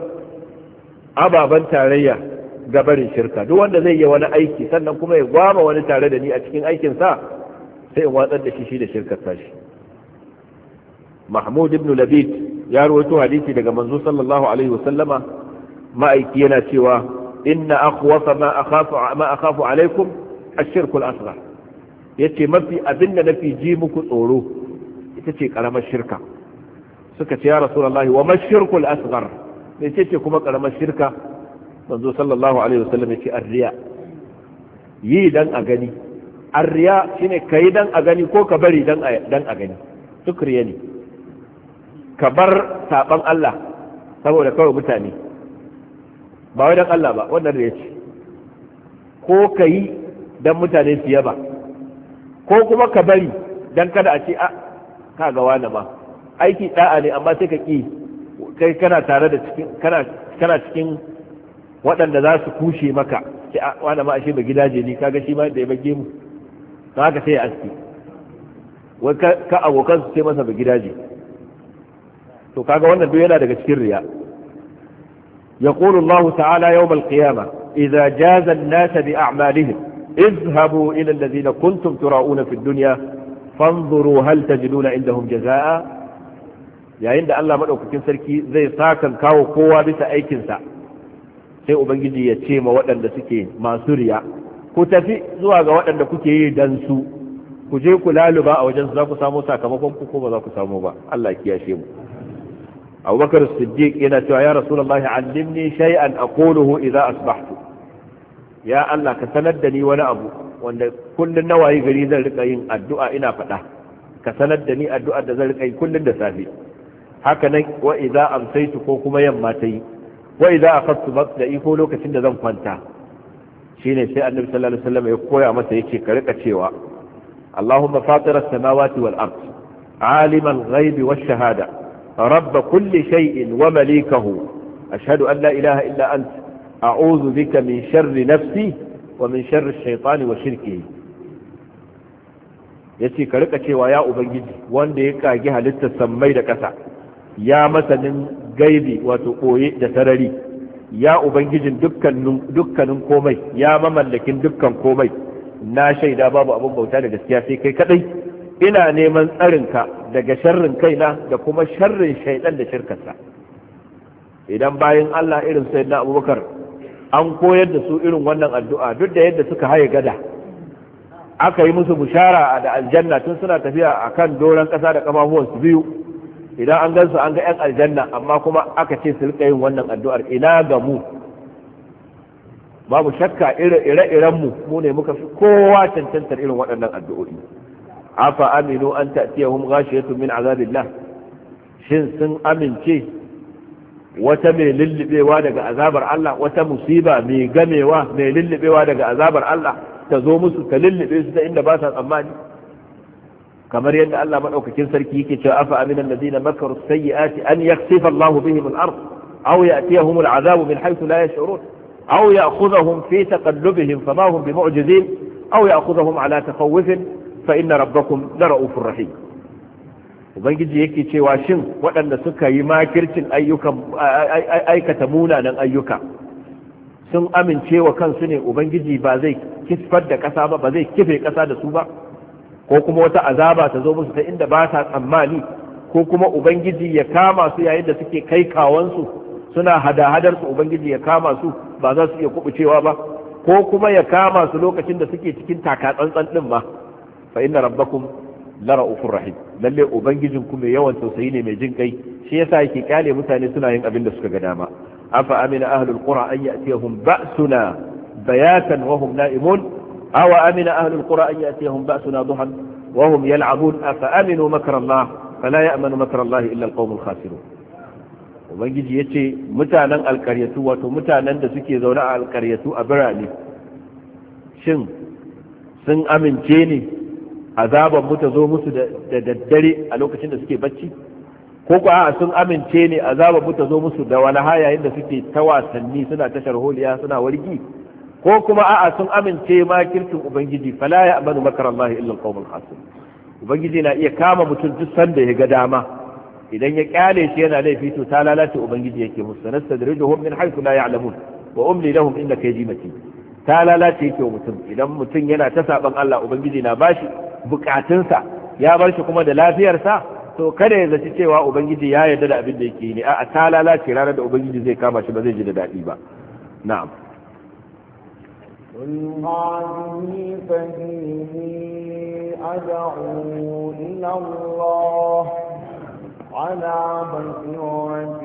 ababen tarayya ga barin shirka duk wanda zai yi wani aiki sannan kuma ya gwama wani tare da ni a cikin aikinsa sai in watsar da shi shi da shirkar tashi mahmud ibnu labid ya rawaito hadisi daga manzo sallallahu alaihi wasallama ma'aiki yana cewa inna akhwasa ma akhafu ma akhafu alaikum ashirkul asghar yace mafi abinda nafi ji muku tsoro ita ce karamar shirka suka ce ya rasulullahi wa mashirkul asghar ne ce ce kuma karamar shirka manzo sallallahu alaihi wasallam yace arriya yi dan a gani arriya shine kai dan a gani ko ka bari dan dan a gani sukriya ne ka bar saban Allah saboda kawai mutane ba wai dan Allah ba wannan da yace ko ka yi don mutane su yaba ko kuma ka bari don kada a ce a ah, ka ga wani ba aiki da'a ne amma sai ka ƙi kai kana tare da cikin kana cikin waɗanda za su kushe maka ce a ah, wani ma ashe gida gidaje ne kaga shi ma da ya bage mu don haka sai ya aski wai ka abokan su ce masa ba gidaje to kaga wannan duk yana daga cikin riya يقول الله تعالى يوم القيامة إذا جاز الناس بأعمالهم izhabu ila allazina kuntum tura'una fid dunya fanzuru hal tajiduna indahum jazaa yayin da Allah madaukakin sarki zai sakan kawo kowa bisa aikinsa sai ubangiji ya ce ma waɗanda suke masu riya ku tafi zuwa ga waɗanda kuke yi dan su ku je ku laluba a wajen su za ku samu sakamakon ku ko ba za ku samu ba Allah ya kiyashe mu abubakar siddiq yana cewa ya rasulullahi allimni shay'an aquluhu idza asbahtu ya Allah ka sanar da ni wani abu wanda kullum na nawayi gari zan rika yin addu'a ina faɗa ka sanar da ni addu'a da zan rika yi kullum da safe haka nan wa idza amsaytu ko kuma yamma ta yi wa idza akhadtu da ko lokacin da zan kwanta Shi ne sai annabi sallallahu alaihi wasallam ya koya masa yace ka rika cewa Allahumma fatira as-samawati wal ard aliman ghaibi wash shahada rabb kulli shay'in wa malikahu ashhadu an la ilaha illa anta أعوذ bika min شر nafsi wa شر sharri وشركه wa yace ka rika cewa ya ubangiji wanda ya kage halittar sammai da ƙasa ya masanin gaibi wato koye da sarari ya ubangijin dukkanin komai ya mamallakin dukkan komai na shaida babu abin bauta da gaskiya sai kai kadai ina neman tsarinka daga sharrin kaina da kuma sharrin shaidan da shirkarsa idan bayan Allah irin sayyidina abubakar an koyar da su irin wannan addu'a duk da yadda suka haye gada aka yi musu bushara da aljanna tun suna tafiya a kan doron ƙasa da ƙafafuwansu biyu idan an gansu an ga 'yan aljanna amma kuma aka ce su rika yin wannan addu'ar ina ga mu babu shakka ire iren mu ne muka fi kowa cancantar irin waɗannan addu'o'i afa aminu an ta'tiyahum ghashiyatun min azabillah shin sun amince wata mai lullubewa daga azabar Allah wata musiba mai gamewa mai lullubewa daga azabar Allah ta zo musu ta lullube su ta inda ba sa tsammani kamar yadda Allah madaukakin sarki yake cewa afa aminan ladina makaru sayyiati an yaksifa Allahu bihim al-ard aw ya'tiyahum al-azab min haythu la yash'urun aw ya'khudhahum fi taqallubihim fama hum bimu'jizin aw ya'khudhahum ala takhawuf fa inna rabbakum la ra'ufur rahim ubangiji yake cewa shin waɗanda suka yi makircin aikata munanan ayyuka sun amince wa kansu ne ubangiji ba zai kifar da ƙasa ba ba zai kife ƙasa da su ba ko kuma wata azaba ta zo musu ta inda ba ta tsammani ko kuma ubangiji ya kama su yayin da suke kai kawansu suna hada-hadar su ubangiji ya kama su ba za su iya kubucewa ba ko kuma ya kama su lokacin da suke cikin taka tsantsan din ma fa inna rabbakum lara ukun rahim lalle ubangijin ku mai yawan tausayi ne mai jin kai shi yasa yake kyale mutane suna yin abin da suka ga dama afa amina ahlul qura an ya'tiyahum ba'suna bayatan wa hum na'imun aw amina ahlul qura an ya'tiyahum ba'suna duhan wa hum yal'abun afa aminu makra Allah fala ya'manu makra Allah illa alqawmul khasirun ubangiji yace mutanen alkaryatu wato mutanen da suke zaune a alkaryatu a birane shin sun amince ne azaban mu ta zo musu da daddare a lokacin da suke bacci ko ko a sun amince ne azaban mu ta zo musu da walaha yayin da suke ta wasanni suna tashar holiya suna wargi ko kuma a'a sun amince ma kirkin ubangiji fala ya amanu makar illa alqawmul khasir ubangiji na iya kama mutum duk sanda ya ga dama idan ya kyale shi yana laifi to ta lalace ubangiji yake musu sanastadrijuhum min haythu la ya'lamun wa umli lahum innaka yajimati ta lalace yake wa mutum idan mutum yana ta saban Allah ubangiji na bashi bukatunsa ya bar shi kuma da lafiyarsa to kada ya zaci cewa ubangiji ya yarda da abin da yake ne a ta lalace ranar da ubangiji zai kama shi ba zai ji da daɗi ba na'am قل هذه أدعو إلى الله على بصيرة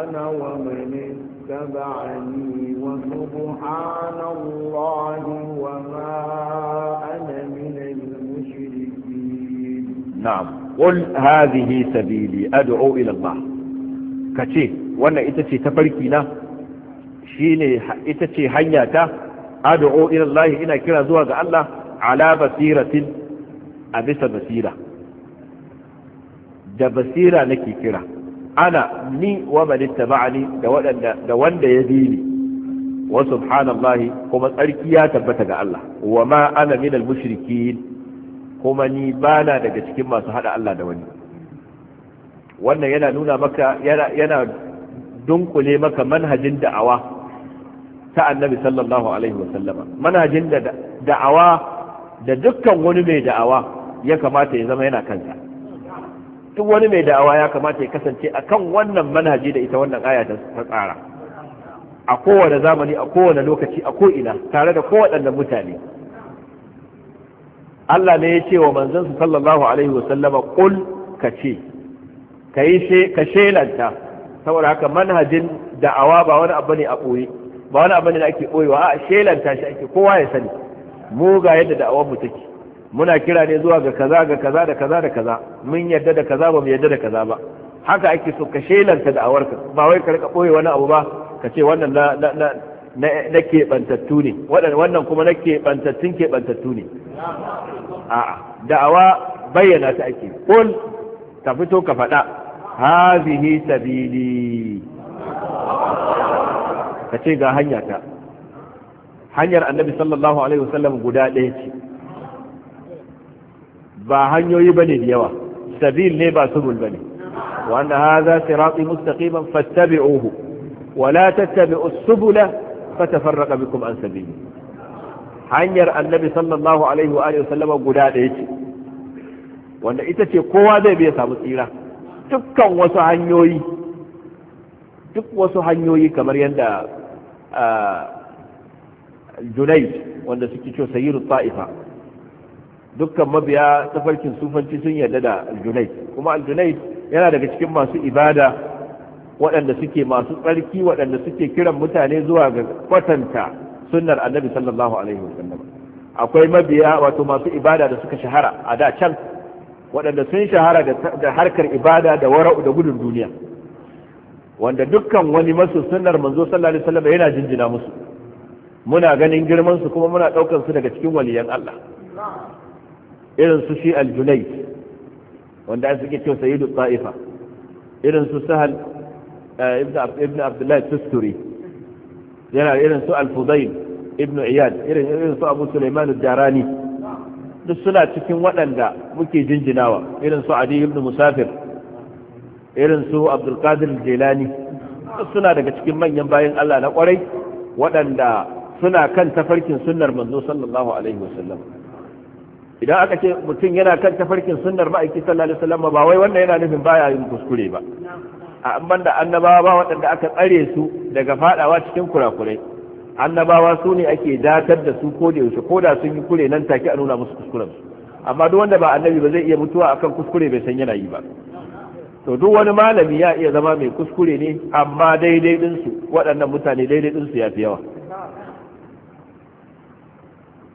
أنا ومن اتبعني وسبحان الله وما أنا من المشركين نعم قل هذه سبيلي أدعو إلى الله كتي وانا اتتي تفركينا شيني اتتي حياتا أدعو إلى الله إنا كرا زواج الله على بصيرة أبس بصيرة da basira nake kira ana ni wa man ittaba'ani da wanda ya bi ni wa subhanallahi kuma tsarki ya tabbata ga Allah wa ma ana min al mushrikin, kuma ni bana daga cikin masu hada Allah da wani wannan yana nuna maka yana yana dunkule maka manhajin da'awa ta annabi sallallahu alaihi wa sallama manhajin da da'awa da dukkan wani mai da'awa ya kamata ya zama yana kansa duk wani mai da'awa ya kamata ya kasance a kan wannan manhaji da ita wannan aya ta tsara a kowane zamani a kowane lokaci a ko'ina tare da kowaɗannan mutane Allah ne ya ce wa su sallallahu alaihi wasallama ƙul ka ce ka yi ka shelanta saboda haka manhajin da'awa ba wani abu ne a ɓoye ba wani abu ne da ake ɓoyewa a shelanta shi ake kowa ya sani mu ga yadda da'awar mu take muna kira ne zuwa ga kaza ga kaza da kaza da kaza mun yadda da kaza ba mu yadda da kaza ba haka ake so ka shelanta da awarka ba wai ka rika boye wani abu ba ka ce wannan na na na na keɓantattu ne wannan kuma na keɓantattun keɓantattu ne a'a da'awa bayyana ta ake kul Ta fito ka faɗa hazihi sabili ka ce ga hanya ta hanyar annabi sallallahu alaihi wasallam guda ɗaya ce ba hanyoyi bane da yawa sabil ne ba subul bane wa anna hadha sirati mustaqiman fattabi'uhu wa la tattabi'u subula fatafarraqa bikum an sabili hanyar annabi sallallahu alaihi wa alihi wasallama guda ɗaya ce wanda ita ce kowa zai bai samu tsira dukkan wasu hanyoyi duk wasu hanyoyi kamar yadda ah, junai wanda suke ce sayyidu ta'ifa dukkan mabiya tafarkin sufanci sun yarda da aljunai. kuma aljunai yana daga cikin masu ibada waɗanda suke masu tsarki waɗanda suke kiran mutane zuwa ga kwatanta sunnar annabi sallallahu alaihi wasallam akwai mabiya wato masu ibada da suka shahara a da can waɗanda sun shahara da harkar ibada da wara'u da gudun duniya wanda dukkan wani masu sunnar manzo sallallahu alaihi wasallam yana jinjina musu muna ganin girman su kuma muna ɗaukar su daga cikin waliyan Allah irin su shi aljunai wanda an suke cewa sayidu ta'ifa irin su sahal eh, ibn abdullahi tusturi yana irin su alfudail ibn iyad irin su abu suleiman jarani duk suna cikin waɗanda muke jinjinawa irin su adi ibn musafir irin su abdulkadir jelani duk suna daga cikin manyan bayan allah na kwarai waɗanda suna kan tafarkin sunnar manzo sallallahu alaihi wasallam idan aka ce mutum yana kan tafarkin sunnar ma'aiki sallallahu alaihi wasallam ba wai wannan yana nufin baya yin kuskure ba a amman da annabawa ba waɗanda aka tsare su daga fadawa cikin kurakurai annabawa su ne ake datar da su ko da yaushe ko da sun yi kure nan take a nuna musu kuskuren su amma duk wanda ba annabi ba zai iya mutuwa akan kuskure bai san yana yi ba to duk wani malami ya iya zama mai kuskure ne amma daidai ɗinsu waɗannan mutane daidai ɗinsu ya fi yawa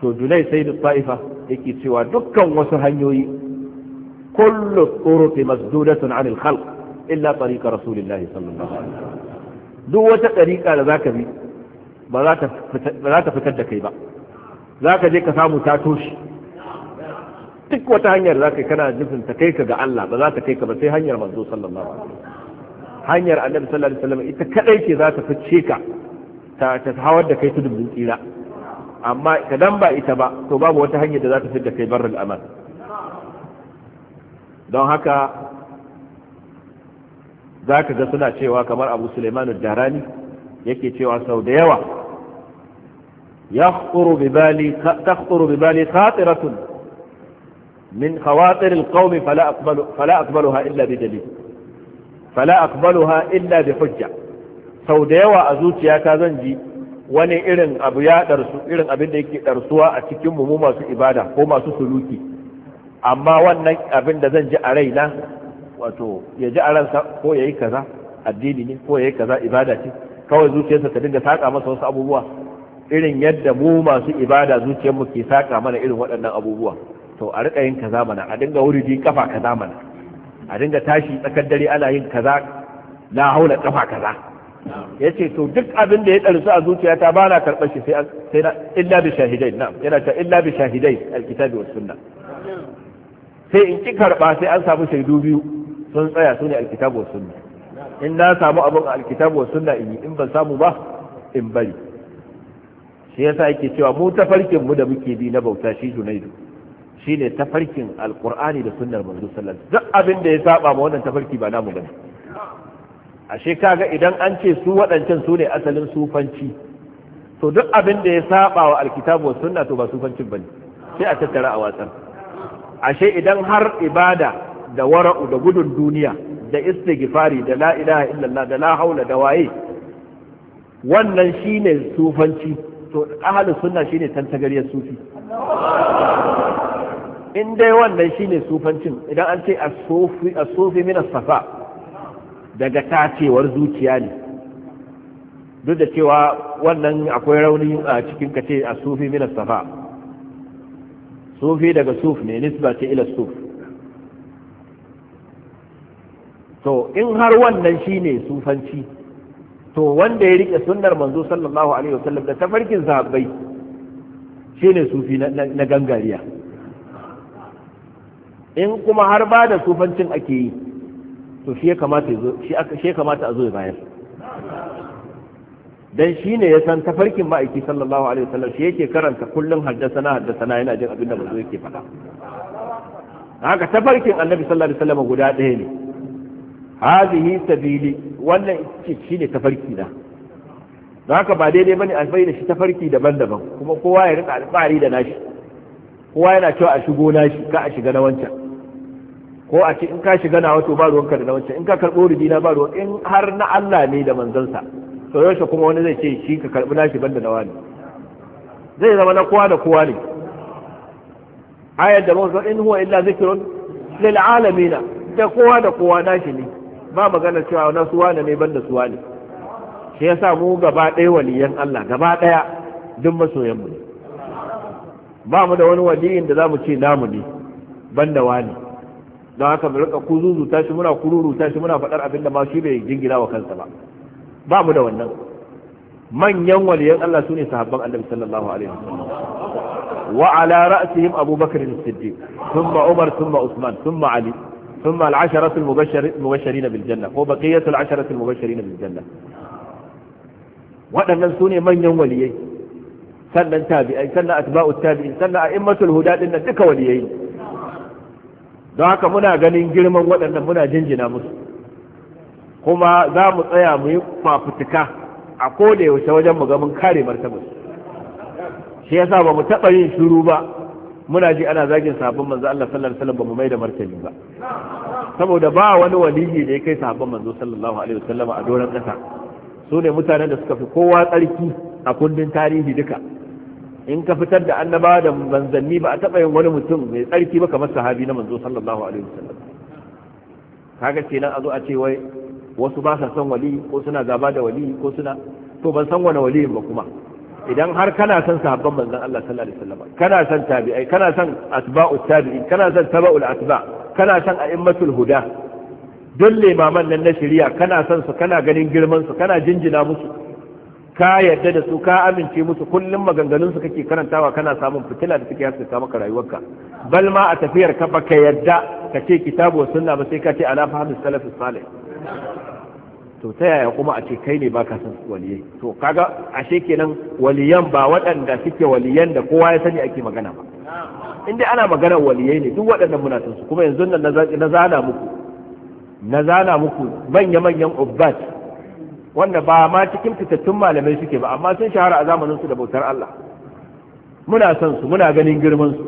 to Julai, sai da ta'ifa yake cewa dukkan wasu hanyoyi kullu turuqi masdudatun 'anil khalq illa tariqa rasulillah sallallahu alaihi wasallam duk wata tariqa da zaka bi ba za ta ba za ta fitar da kai ba zaka je ka samu ta toshi duk wata hanyar zaka kana nufin ta kai ka ga Allah ba za ta kai ka ba sai hanyar manzo sallallahu alaihi wasallam hanyar annabi sallallahu alaihi wasallam ita kadai ce za ta fice ka ta hawar da kai tudun tsira amma kadan ba ita ba to babu wata hanyar da za ta fidda kai barrul amal don haka za ka ga suna cewa kamar abu suleimanu darani yake cewa sau da yawa تخطر ببالي خاطرة من خواطر القوم فلا أقبل فلا أقبلها إلا بدليل فلا أقبلها إلا بحجة sau da yawa a zuciya ka zan ji wani irin abu ya ɗarsu irin abin da yake ɗarsuwa a cikin mu masu ibada ko masu suluki amma wannan abin da zan ji a raina wato ya ji a ransa ko ya yi kaza addini ne ko ya yi kaza ibada ce kawai zuciyarsa ta dinga saƙa masa wasu abubuwa irin yadda mu masu ibada zuciyarmu ke saƙa mana irin waɗannan abubuwa to a riƙa yin kaza mana a dinga wuri kafa kaza mana a dinga tashi tsakar dare ana yin kaza la haula kafa kaza ya ce to duk abin da ya ɗarsu a zuciyata ba na karɓar shi sai na illa bi shahidai na yana ta illa bi shahidai alkitabi was sunna sai in ki karɓa sai an samu shaidu biyu sun tsaya su ne alkitabi was sunna in na samu abin alkitabi was sunna in yi in ban samu ba in bari shi yasa yake cewa mu tafarkin mu da muke bi na bauta shi junaidu shine tafarkin alqur'ani da sunnar manzo sallallahu alaihi wasallam duk abin da ya saba ma wannan tafarki ba namu bane ashe kaga idan an ce su waɗancan su ne asalin sufanci to duk abin da ya saba wa alkitabu was sunna to ba sufancin bane sai a tattara a watsar ashe idan har ibada da wara'u da gudun duniya da istighfari da la ilaha illallah da la haula da waye wannan shine sufanci to ahli sunna shine tantagariyar sufi in dai wannan shine sufancin idan an ce as-sufi as-sufi min as-safa daga tacewar zuciya ne duk da cewa wannan akwai rauni a cikin kace a sufi min safa sufi daga suf ne nisba ce ila suf to in har wannan shine sufanci to wanda ya rike sunnar manzo sallallahu alaihi wasallam da tafarkin sahabbai shine sufi na gangariya in kuma har ba da sufancin ake yi to shi ya kamata ya zo shi ya kamata a zo ya bayar dan shi ne ya san tafarkin ma'aiki sallallahu alaihi wasallam shi yake karanta kullum haddasa na yana jin abin da mazo yake faɗa haka tafarkin annabi sallallahu alaihi wasallam guda ɗaya ne hadhihi sabili wannan shi ne tafarki na don haka ba daidai bane a da shi tafarki daban-daban kuma kowa ya rika alfahari da nashi kowa yana cewa a shigo nashi ka a shiga na wancan ko a ce in ka shiga na wato ba ruwanka da wancan in ka karɓo rubina ba ruwan in har na Allah ne da manzansa to yaushe kuma wani zai ce shi ka karɓi nashi banda na wani zai zama na kowa da kowa ne ayar da mawasa in huwa illa zikirun lil alamina da kowa da kowa nashi ne ba magana cewa na suwa ne banda suwa ne shi yasa mu gaba ɗaya waliyan Allah gaba ɗaya duk masoyan mu ba mu da wani waliyin da zamu ce namu ne banda wani don haka mu rika kuzuzuta shi muna kururuta shi muna faɗar abin da ma shi bai jingina wa kansa ba ba mu da wannan manyan waliyan Allah sune sahabban annabi sallallahu alaihi wasallam wa ala ra'sihim Abu Bakr as-Siddiq thumma Umar thumma Uthman thumma Ali thumma al-asharatu al-mubashirin bil janna ko baqiyatu al-asharatu al-mubashirin bil janna waɗannan su ne manyan waliyai sannan tabi'ai sannan atba'u tabi'in sannan a'immatul huda din duka waliyai don haka muna ganin girman waɗannan muna jinjina musu kuma za mu tsaya mu yi mafutuka a koda yaushe wajen mu ga mun kare martabar shi yasa ba mu taɓa yin shiru ba muna ji ana zagin sabon manzo Allah sallallahu alaihi wasallam ba mu mai da martani ba saboda ba wani waliyi da ya kai sabon manzo sallallahu alaihi wasallam a doron kasa su ne mutanen da suka fi kowa tsarki a kundin tarihi duka in ka fitar da annaba da manzanni ba a taɓa yin wani mutum mai tsarki ba kamar sahabi na manzo sallallahu alaihi wasallam kaga kenan a zo a ce wai wasu ba sa son wali ko suna gaba da wali ko suna to ban san wani waliyin ba kuma idan har kana son sahabban manzon Allah sallallahu alaihi wasallam kana son tabi'ai kana son asba'u tabi'in kana son tabaul asba kana son a'immatul huda dole limaman nan na shari'a kana son su kana ganin girman su kana jinjina musu ka yarda da su ka amince musu kullum maganganun su kake karantawa kana samun fitila da suke haskaka maka rayuwarka bal ma a tafiyar ka baka yarda ka ce kitabu wa sunna ba sai ka ce ala fahmi salafus salih to ta yaya kuma a ce kai ne baka san waliyai to kaga ashe kenan waliyan ba waɗanda suke waliyan da kowa ya sani ake magana ba in dai ana maganar waliyai ne duk waɗannan muna su kuma yanzu nan na zana muku na zana muku manya-manyan ubbat wanda ba ma cikin fitattun malamai suke ba amma sun shahara a zamanin su da bautar Allah muna son su muna ganin girman su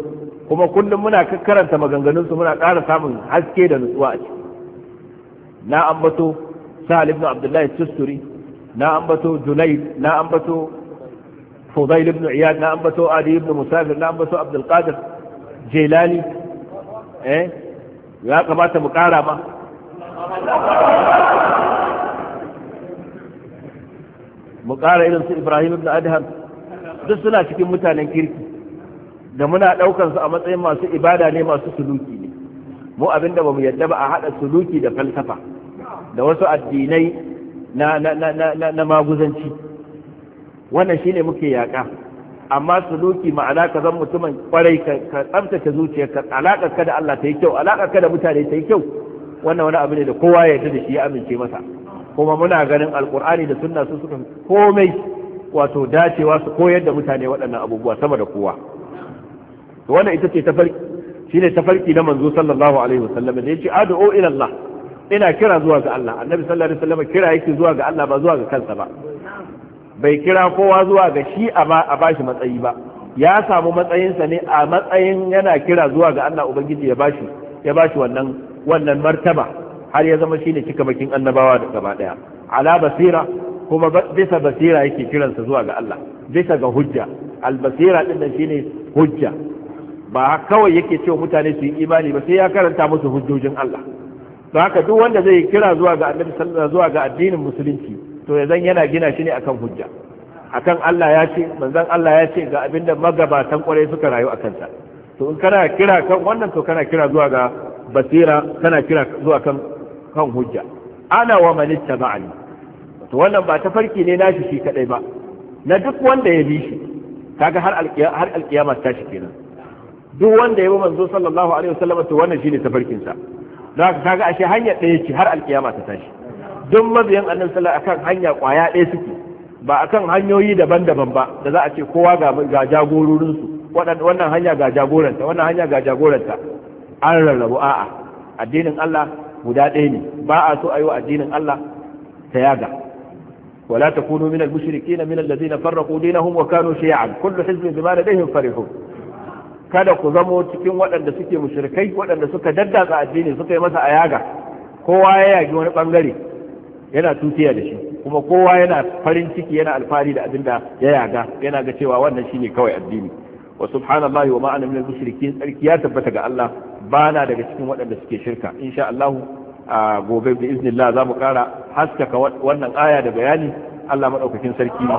kuma kullum muna karanta maganganun su muna ƙara samun haske da nutsuwa a ciki na ambato Sa'al ibn Abdullah Tusturi na ambato Junayd na ambato fudayl ibn Iyad na ambato Ali ibn Musafir na ambato Abdul Qadir Jilani eh ya kamata mu ƙara ma mu ƙara irin su ibrahim ibn adham duk suna cikin mutanen kirki da muna ɗaukar su a matsayin masu ibada ne masu suluki ne mu abinda ba mu yadda ba a haɗa suluki da falsafa da wasu addinai na na na na na maguzanci wannan shine muke yaƙa amma suluki ma'ana ka zan mutumin kwarai ka tsaftace zuciyarka alaƙar ka da Allah ta yi kyau alaƙar ka da mutane ta yi kyau wannan wani abu ne da kowa ya yarda da shi ya amince masa kuma muna ganin alkur'ani da sunna su suka komai wato dacewa su koyar da mutane waɗannan abubuwa sama da kowa to wannan ita ce tafarki shine tafarki na manzo sallallahu alaihi wasallam da yace ad'u ila Allah ina kira zuwa ga Allah annabi sallallahu alaihi wasallam kira yake zuwa ga Allah ba zuwa ga kansa ba bai kira kowa zuwa ga shi a bashi matsayi ba ya samu matsayinsa ne a matsayin yana kira zuwa ga Allah ubangiji ya bashi ya bashi wannan wannan martaba har ya zama shine cika bakin annabawa da gaba daya ala basira kuma bisa basira yake kiransa zuwa ga Allah bisa ga hujja albasira din nan shine hujja ba kawai yake cewa mutane su yi imani ba sai ya karanta musu hujjojin Allah to haka duk wanda zai kira zuwa ga annabi sallallahu zuwa ga addinin musulunci to ya zan yana gina shi ne akan hujja akan Allah ya ce manzon Allah ya ce ga abinda magabatan kwarai suka rayu akan sa to in kana kira kan wannan to kana kira zuwa ga basira kana kira zuwa kan kan hujja ana wa man ittaba'ani to wannan ba ta farki ne nashi shi kadai ba na duk wanda ya bi shi kaga har alkiyama har alkiyama ta shi kenan duk wanda ya bi manzo sallallahu alaihi wasallam to wannan shine farkin sa zaka kaga ashe hanya ɗaya ce har alkiyama ta tashi duk mabiyan annabi sallallahu alaihi akan hanya kwaya ɗaya suke ba akan hanyoyi daban-daban ba da za a ce kowa ga ga jagororin su wannan hanya ga jagoranta wannan hanya ga jagoranta an rarrabu a'a addinin Allah guda ɗaya ne ba a so a yi wa addinin Allah ta yaga wala takunu minal mushrikeena minal ladina farraqu hun wa kanu shay'an kullu hizbin bima ladayhim farihun kada ku zamo cikin waɗanda suke mushrikai waɗanda suka daddatsa addini suka yi masa ayaga kowa ya yagi wani bangare yana tutiya da shi kuma kowa yana farin ciki yana alfahari da abin da ya yaga yana ga cewa wannan shine kawai addini wa subhanallahi wa ma'ana minal mushrikeen tsarki ya tabbata ga Allah ba na daga cikin waɗanda suke shirka insha Allah a gobe bi iznillah za mu ƙara haskaka wannan aya da bayani Allah maɗaukakin sarki ne